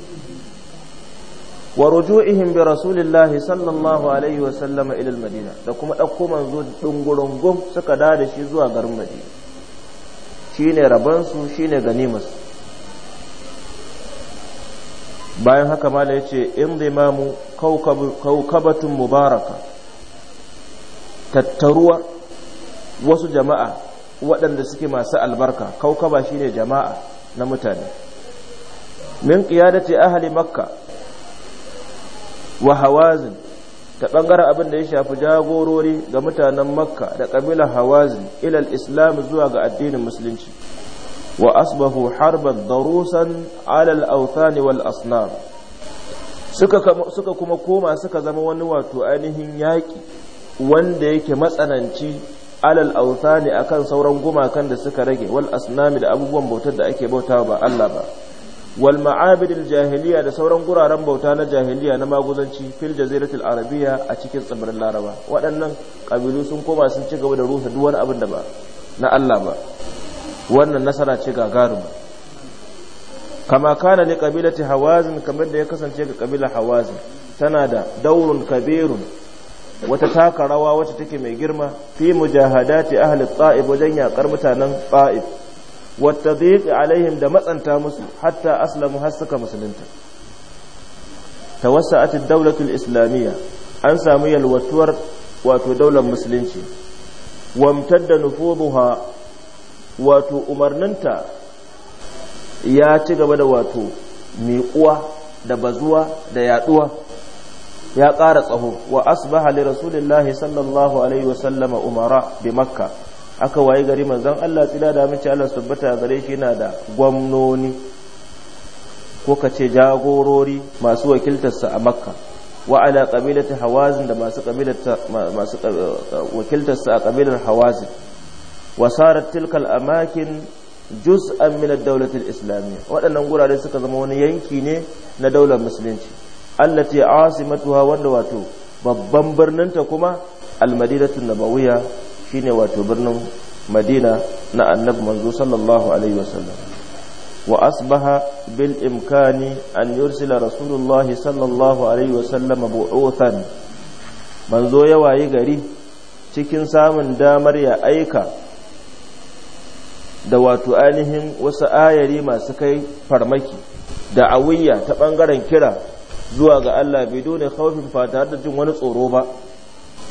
S1: wa ruju'ihim bi rasulillahi sallallahu alaihi wa sallama ila al-madina da kuma ɗauko manzo dungurungum suka da da shi zuwa garin madina shine rabansu shine ganimarsu bayan haka mala ya ce in zimamu kaukabatun mubaraka tattaruwa wasu jama'a waɗanda suke masu albarka kaukaba shine jama'a na mutane min ƙiyadace ahali makka wa hawazin ta ɓangaren abin da ya shafi jagorori ga mutanen makka da kabila hawazin ilal islam zuwa ga addinin musulunci wa asbahu harban darusan alal authani wal asnam suka kuma koma suka zama wani wato ainihin yaƙi wanda yake matsananci alal ne akan sauran gumakan da suka rage wal asnami da abubuwan bautar da ake bauta ba Allah ba wal ma'abidil jahiliya da sauran guraren bauta na jahiliya na maguzanci fil jaziratul arabiya a cikin tsibirin laraba waɗannan ƙabilu sun koma sun ci gaba da rusa duk wani abin da ba na Allah ba wannan nasara ce gagaruma kama kana li qabilati hawazin kamar da ya kasance ga kabilar hawazin tana da daurun kabirun wata taka rawa wacce take mai girma fi mujahadati ahli ta'ib wajen yakar mutanen ta'ib zai عليهم da matsanta musu hatta aslamu har suka musulunta ta ad-dawlah al-islamiyya an samu yalwatuwar wato daular musulunci wamtadda nufobuwa wato umarninta ya ci gaba da wato miƙuwa da bazuwa da yaduwa ya ƙara tsaho wa asbaha li rasulillahi sallallahu alaihi wa sallama umara bi makka aka wayi gari manzon Allah tsira da mace Allah tabbata gare shi yana da gwamnoni ko ka ce jagorori masu wakiltarsa a makka wa ala qabilati hawazin da masu qabilata masu eh, wakiltarsa a qabilar hawazin wa sarat tilkal amakin juz'an min ad-dawlati al-islamiyya waɗannan gurare suka zama wani yanki ne na daular musulunci allati asimatuha wanda wato babban birnin ta kuma al-madinatu nabawiyya shine wato birnin madina na annabi manzo sallallahu alaihi wasallam wa asbaha bil imkani an yursila rasulullahi sallallahu alaihi wasallam bu'uthan manzo ya wayi gari cikin samun damar ya aika da wato ainihin wasu ayari masu kai farmaki da awiyya ta bangaren kira zuwa ga Allah bidone khawfin fata da jin wani tsoro ba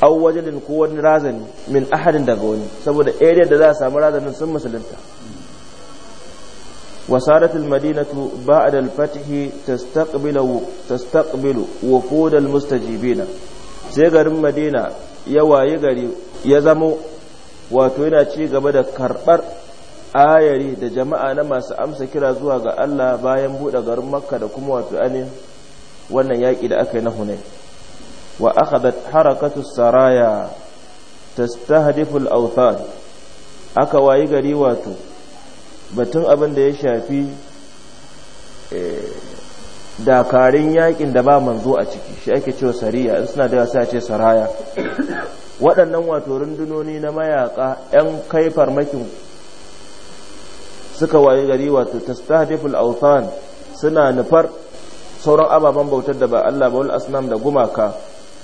S1: aw wajalin ko wani razani min ahadin daga wani saboda area da za a samu razanin sun musulunta وصارت المدينة بعد الفتح تستقبل تستقبل وفود المستجيبين sai garin madina ya waye gari ya zamo wato yana ci gaba da karɓar ayari da jama'a na masu amsa kira zuwa ga Allah bayan buɗe garin makka da kuma wato anin wannan yaki da aka yi na hunai وأخذت حركة السرايا تستهدف الأوثان aka wayi gari wato batun abin da ya shafi dakarun yakin da ba manzo a ciki shi ake cewa sariya in suna da yawa sai a ce saraya waɗannan wato rundunoni na mayaka 'yan kai farmakin suka wayi gari wato tastahdiful awthan suna nufar sauran ababen bautar da ba Allah ba wal asnam da gumaka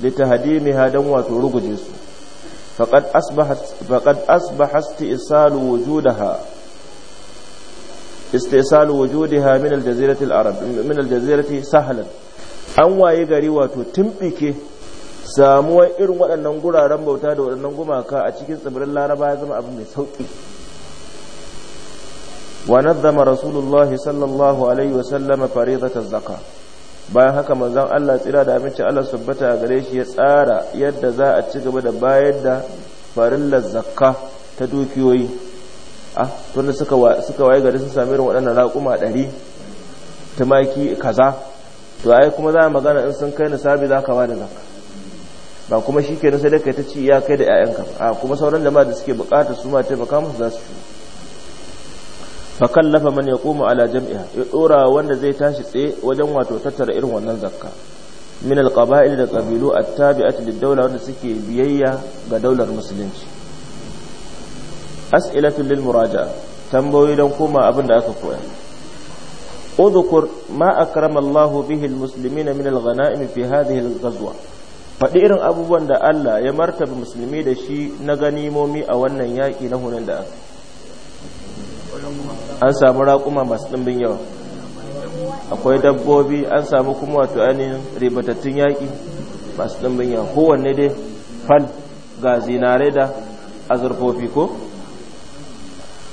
S1: litahdimiha dan wato ruguje su faqad asbahat faqad asbaha istisalu wujudaha istisalu wujudaha min aljazirati alarab min aljazirati sahlan an waye gari wato tumbike samuwar irin waɗannan guraren bauta da waɗannan gumaka a cikin tsibirin laraba ya zama abu mai sauƙi wa nazzama rasulullahi sallallahu alaihi wasallam faridatan zakka bayan haka manzon Allah tsira da abinci Allah subbata a gare shi ya tsara yadda za a ci gaba da bayar da farillar zakka ta dukiyoyi ah tunda suka suka waye gari sun sami irin waɗannan raƙuma ɗari tumaki kaza to ai kuma za a magana in sun kai nisabi za ka ba da zakka ba kuma shi ke sai dai kai ta ci iya kai da 'ya'yanka a kuma sauran jama'a da suke bukata su ma taimaka musu za su shi fa kallafa man koma ala jam'iha ya dora wanda zai tashi tsaye wajen wato tattara irin wannan zakka min alqaba'il da qabilu attabi'at lid-dawla wanda suke biyayya ga daular musulunci as'ilatu lil muraja'a tambayoyi don koma abin da aka koya udhkur ma akrama Allah bihi al-muslimina min al-ghanaim fi hadhihi al-ghazwa faɗi irin abubuwan da Allah ya martaba musulmi da shi na ganimomi a wannan yaki na hunan da aka an samu raƙuma masu ɗimbin yawa akwai dabbobi an samu kuma wato ainihin ribatattun yaƙi masu ɗimbin yawa kowanne dai fal ga zinare da azurfofi ko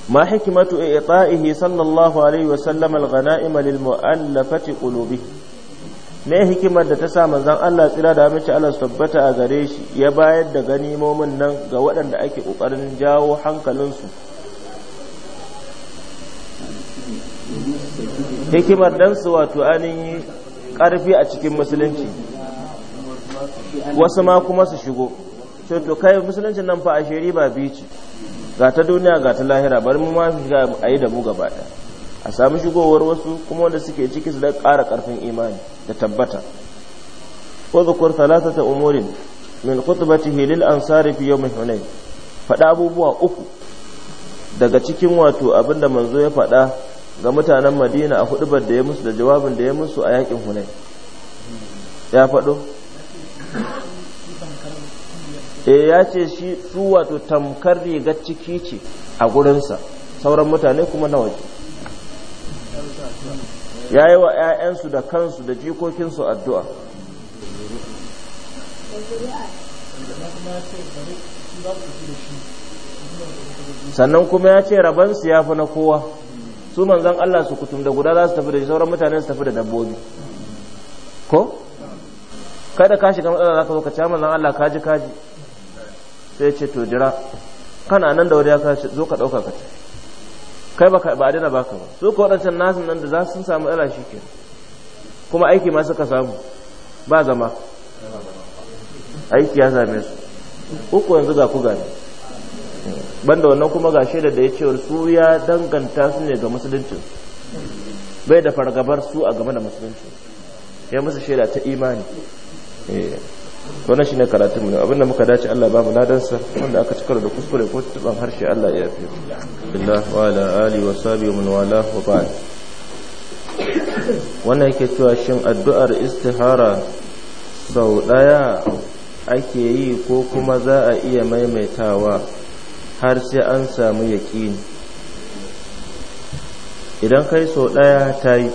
S1: ma hikimatu i'ta'ihi sallallahu alaihi wa sallam al-ghanaim lil mu'allafati me hikimar da ta sa manzon Allah tsira da mace Allah tabbata a gare shi ya bayar da ganimomin nan ga waɗanda ake ƙoƙarin jawo hankalinsu hikimar dan su wato ainihin karfi a cikin musulunci wasu ma kuma su shigo to to kai musulunci nan fa a shiri ba biyu ce ga ta duniya ga ta lahira bari mu ma shiga a yi da mu gaba a samu shigowar wasu kuma wanda suke ciki su da ƙara ƙarfin imani da tabbata wazukur thalathata umurin min khutbatihi lil ansari fi yawm hunayn faɗa abubuwa uku daga cikin wato abinda manzo ya faɗa ga mutanen madina a hudubar da ya musu da jawabin da ya musu a yakin hunai ya faɗo e ya ce shi su wato tamkar rigar ciki ce a gurinsa sauran mutane kuma na waje ya yi wa 'ya'yansu da kansu da jikokinsu addu'a sannan kuma ya ce rabansu ya fi na kowa su manzan Allah su kutum da guda za su tafi da shi sauran mutane su tafi da dabbobi ko kada ka shiga matsala za ka zo ka ci manzan Allah kaji kaji sai ce to jira kana nan da wuri ya zo ka ɗauka ka kai ba ba dina baka ba su ka waɗancan nasin nan da za su samu matsala shi ke kuma aiki ma suka samu ba zama aiki ya same su uku yanzu ga ku gane banda wannan kuma ga shaida da ya ce su ya danganta su ne ga musulunci bai da fargabar su a game da musulunci ya musu shaida ta imani eh, wannan shine karatun mu abinda muka dace Allah ba mu ladansa wanda aka cikar da kuskure ko tuban harshe Allah ya fi Allah wa ala ali wa sabi wa wala wa ba'd wannan yake cewa shin addu'ar istihara sau daya ake yi ko kuma za a iya maimaitawa har sai an samu yaƙini idan kai sau ɗaya ta yi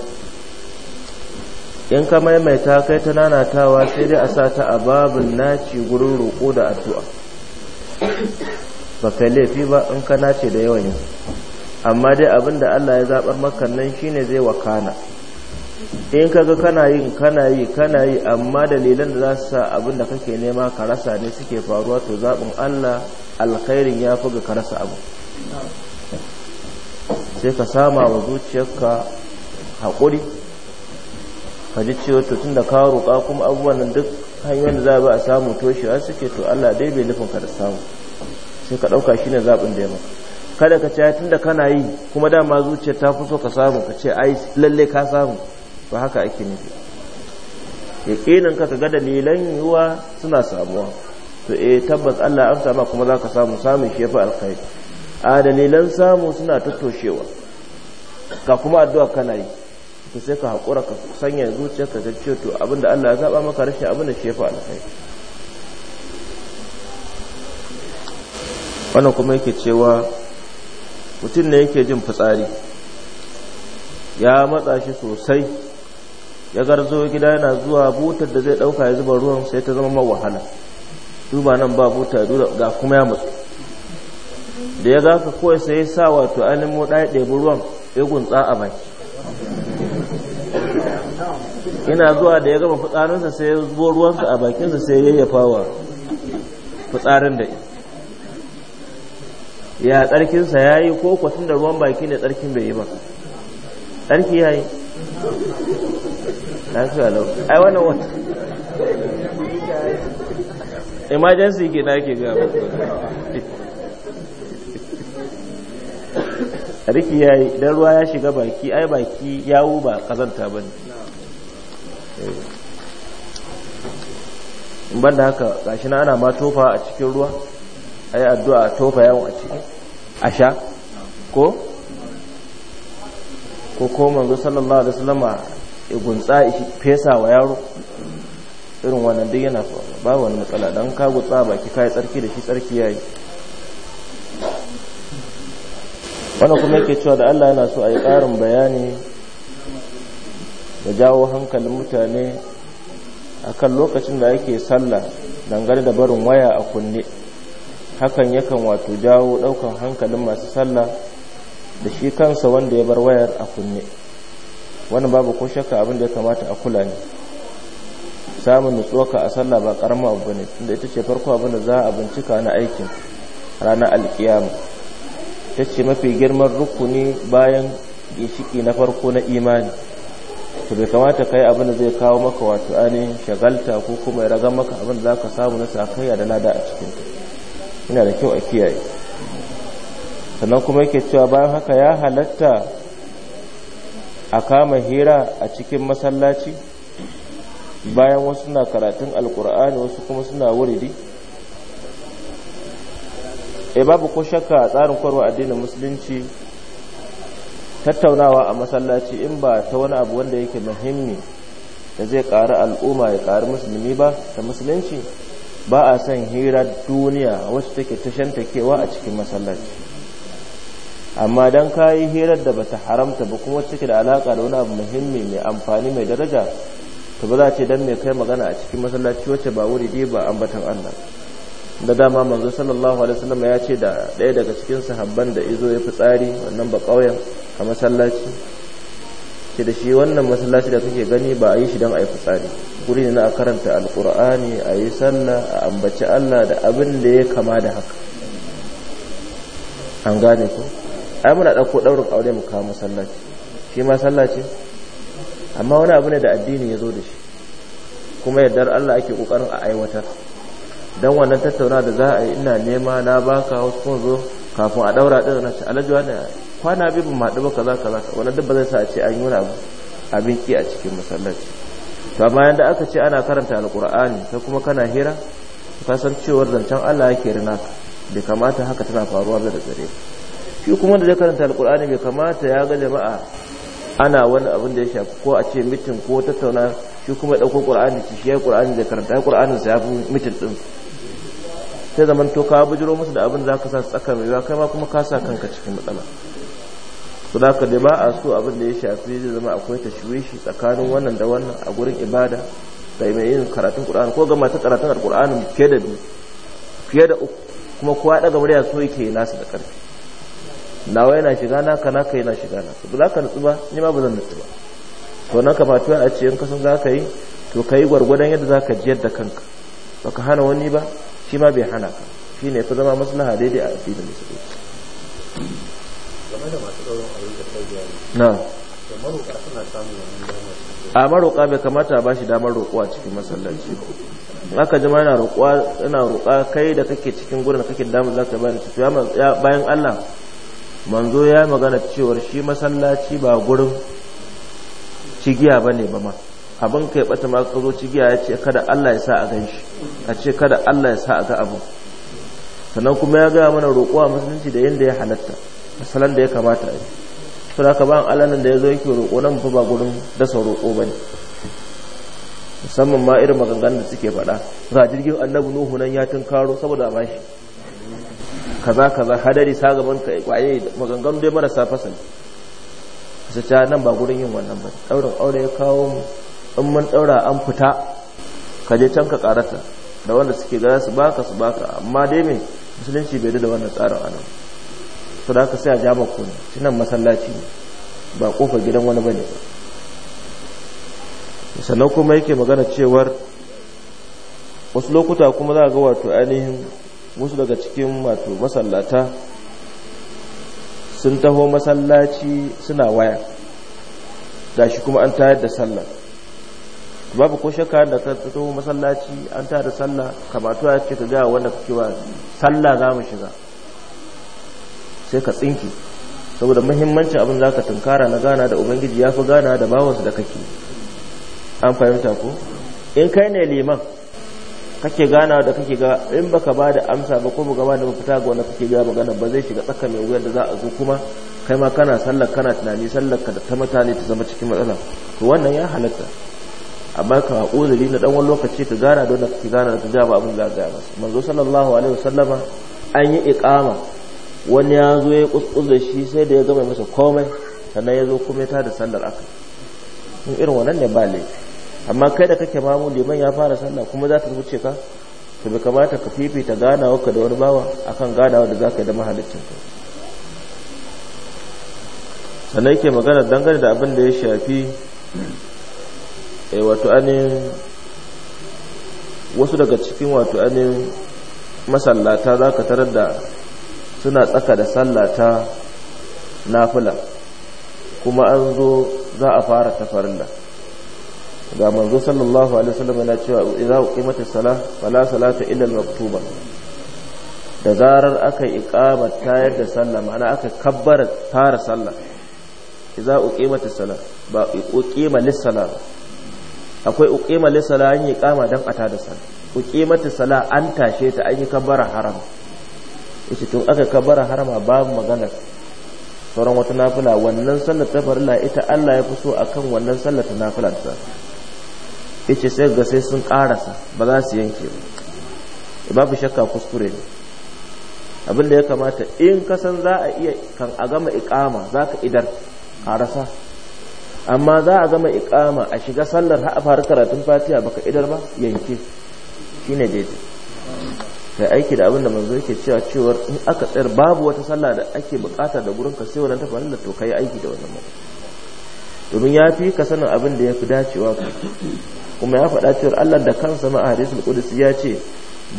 S1: in ka maimaita kai ta nanatawa sai dai a sa ta a babin naci gurin roƙo da addu'a ba kai laifi ba in ka nace da yawan yanzu amma dai abinda Allah ya zaɓar nan shine zai wakana in kaga kana yin kana yi kana yi amma dalilan da za su sa abin da kake nema ka rasa ne suke faruwa to zaɓin Allah alkhairin ya fi ga karasa abu sai ka sama wa zuciyarka haƙuri ka ji cewa to tun da ka roƙa kuma abubuwan duk hanyar da za a bi a samu toshewa suke to Allah dai bai nufin ka da samu sai ka ɗauka shi ne zaɓin da ya maka kada ka ce tun da kana yi kuma dama zuciya ta fi so ka samu ka ce ai lalle ka samu ba haka ake nufi yaƙinin ka ga dalilan yiwuwa suna samuwa to eh tabbas Allah an sama kuma za ka samu samun shi yafi alkhairi a dalilan samu suna tattoshewa ka kuma addu'a kana yi to sai ka haƙura ka sanya ka ta ce to abinda Allah ya zaba maka rashin abinda shi shefa alkhairi wannan kuma yake cewa mutum ne yake jin fitsari ya matsa shi sosai ya garzo gida yana zuwa butar da zai ɗauka ya zuba ruwan sai ta zama wahala duba nan ba buta ga kuma ya mutu da ya zaka kawai sai sa wato ainihin mu ɗaya ɗebi ruwan ya gunsa a baki yana zuwa da ya gama fitsarinsa sai ya ruwan ruwansa a bakinsa sai ya yayyafa wa fitsarin da ya tsarkinsa ya yi ko kwatin da ruwan baki ne tsarkin bai yi ba tsarki ya yi
S2: lafiya lau ai wannan wata
S1: emergency ke na ke ga riki ya yi don ruwa ya shiga baki ai baki yawu ba kazanta ba ne in banda haka gashi na ana ma tofa a cikin ruwa ai addu'a a tofa yawon a ciki a sha ko ko ko manzo sallallahu alaihi wasallama igunsa fesa wa yaro irin wannan duk yana faruwa ba wani matsala don ka gutsa baki ka yi tsarki da shi tsarki ya yi wani kuma yake cewa da Allah yana so a yi ƙarin bayani da jawo hankalin mutane a kan lokacin da ake sallah dangane da barin waya a kunne hakan yakan wato jawo ɗaukan hankalin masu sallah da shi kansa wanda ya bar wayar a kunne wannan babu ko shakka abin da ya kamata a kula ne samun ka a sallah ba karamin abu bane tunda ita ce farko abin da za a bincika na aikin ranar alkiyama ta ce mafi girman rukuni bayan ginshiki na farko na imani to bai kamata kai abin da zai kawo maka wato ainihin shagalta ko kuma ya raga maka abin da za ka samu na sakayya da lada a cikinta yana da kyau a kiyaye sannan kuma yake cewa bayan haka ya halatta a kama hira a cikin masallaci bayan wasu suna karatun alkur'ani wasu kuma suna wuridi e babu ko shakka a tsarin kwarwa addinin musulunci tattaunawa a masallaci in ba ta wani abu wanda yake muhimmi da zai ƙari al'umma ya ƙari musulmi ba ta musulunci ba a son hira duniya wacce take tashantakewa a cikin masallaci amma dan kayi hirar da bata haramta ba kuma take da alaka da wani abu muhimmi mai amfani mai daraja to ba za ce don mai kai magana a cikin masallaci wacce ba wuri dai ba ambatan Allah da dama manzo sallallahu alaihi wasallam ya ce da ɗaya daga cikin sahabban da izo ya fitsari wannan ba ƙauyen a masallaci ke da shi wannan masallaci da kake gani ba a yi shi don a yi fitsari guri ne na a karanta alkur'ani a yi sanna a ambaci Allah da abin da ya kama da haka an gane ku. ai muna ɗauko ɗaurin aure mu kawo masallaci shi ma sallah amma wani abu ne da addini ya zo da shi kuma yardar Allah ake ƙoƙarin a aiwatar don wannan tattauna da za a yi ina nema na baka wasu kun zo kafin a ɗaura ɗin na ce alhaji wani kwana biyu ban maɗu ba kaza kaza wannan duk ba zai sa a ce an yi wani abu abin ki a cikin masallaci to amma yanda aka ce ana karanta alƙur'ani sai kuma kana hira ka san cewar zancen Allah yake rina bai kamata haka tana faruwa da gare shi kuma da zai karanta alkur'ani bai kamata ya ga jama'a ana wani abin da ya shafi ko a ce mitin ko tattauna shi kuma ya ɗauko ƙur'ani ci shi ya yi ƙur'ani zai karanta ya ƙur'anin sa ya fi mitin ɗin sai zaman to ka bujiro musu da abin za ka sa tsaka mai ba kai ma kuma ka sa kanka cikin matsala su da da ba a so abin da ya shafi zai zama akwai tashwishi tsakanin wannan da wannan a gurin ibada da mai yin karatun ƙur'ani ko gama ta karatun alƙur'ani fiye da biyu fiye da uku kuma kowa ɗaga murya so yake nasa da ƙarfi nawa yana shiga naka naka yana shiga naka ba za ka nutsu ba ni ma ba zan nutsu ba to nan fatu a ce in ka san za ka yi to ka yi gwargwadon yadda za ka ji yadda kanka ba ka hana wani ba shi ma bai hana ka shi ne fi zama maslaha daidai a addinin musulunci
S2: na a
S1: maroƙa bai kamata a shi damar roƙuwa a cikin masallaci aka jima yana roƙa kai da kake cikin gurin kake damar za ka bayan Allah manzo ya magana cewar shi masallaci ba gurin cigiya ba ne ba ma abin kai bata ma ka zo cigiya ya ce kada Allah ya sa a gan shi a ce kada Allah ya sa a ga abu sannan kuma ya gaya mana roƙuwa musulunci da yadda ya halatta misalan da ya kamata a yi su da ka ba da ya zo yake roƙo nan fa ba gurin dasa roƙo ba ne musamman ma irin maganganun da suke faɗa ga jirgin annabi nuhu nan ya tunkaro saboda a bashi kaza kaza hadari sa gaban ka kwaye maganganu dai marasa fasali sai ta nan ba gurin yin wannan ba daurin aure ya kawo mu in mun daura an fita ka je can ka karata da wanda suke ga su baka su baka amma dai me musulunci bai da wannan tsarin anan to da ka sai a jaba ku ne tunan masallaci ne ba kofar gidan wani bane ba sannan kuma yake magana cewar wasu lokuta kuma za ga wato ainihin wasu daga cikin wato masallata sun taho masallaci suna waya shi kuma an tayar da sallah babu ko shakka da ka taho masallaci an tayar da sallah kamatu ya ce ka ga wanda kake ba sallah za mu shiga sai ka tsinki saboda muhimmancin abin za ka tunkara na gana da ubangiji ya fi gana da bawansu da kake an fahimta ko in kai ne liman kake ganawa da kake ga in baka ba da amsa ba ko buga ba da mafita ga wanda kake ga magana ba zai shiga tsaka mai wuyar da za a zo kuma kai ma kana sallar kana tunani sallar ka ta mutane ta zama cikin matsala to wannan ya halatta amma ka uzuri na dan wani lokaci ka gana da wanda kake gana da ta gaba abin da ba manzo sallallahu alaihi wasallama an yi iqama wani ya zo ya kuskure shi sai da ya gama masa komai sannan ya zo kuma ya tada sallar aka irin wannan ne ba laifi amma kai da kake mamu liman ya fara sallah kuma za ta wuce ka to bai kamata ka fifita ganawarka da wani bawa akan ganawa da za ka yi da mahalicin ka sannan yake magana dangane da abin da ya shafi eh, wato wasu daga cikin wato anin masallata za ka tarar da suna tsaka da sallata nafila kuma an zo za a fara da. ga manzo sallallahu alaihi wasallam yana cewa idza uqimat as-salah fala salata illa al-maktuba da zarar aka iqamar tayar da sallah ma'ana aka kabbara fara sallah idza uqimat as-salah ba uqima lis-salah akwai uqima lis-salah an yi iqama dan ata da sallah uqimat as-salah an tashe ta an yi kabbara haram yace tun aka kabbara harama babu magana sauran wata nafila wannan sallar ta farilla ita Allah ya fi so akan wannan sallar ta nafila ta yace sai ga sai sun karasa ba za su yanke ba babu shakka kuskure ne abinda ya kamata in ka san za a iya kan a gama ikama za ka idar karasa amma za a gama ikama a shiga sallar har a fara karatun fatiha baka idar ba yanke shi ne daidai kai aiki da abin da manzo yake cewa cewar in aka tsayar babu wata sallah da ake bukata da gurin ka sai wannan ta da to kai aiki da wannan domin ya fi ka sanin abin da ya fi dacewa kuma ya faɗa cewar Allah da kansa ma a hadisul qudsi ya ce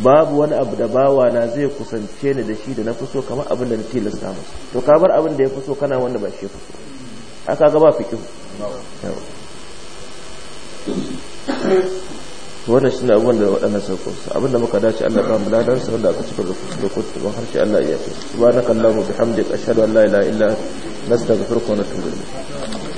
S1: babu wani abu da bawa na zai kusance ni da shi da na fuso kamar abin da na lissa masa to ka bar abin da ya fuso kana wanda ba shi fi aka ga ba fiqh wannan shine abin da waɗannan sauƙon su abin da muka dace Allah ba mu ladan sa wanda aka cika da kuskure ko har harshe Allah ya ce subhanakallahumma bihamdika ashhadu an la ilaha illa anta astaghfiruka wa atubu ilayk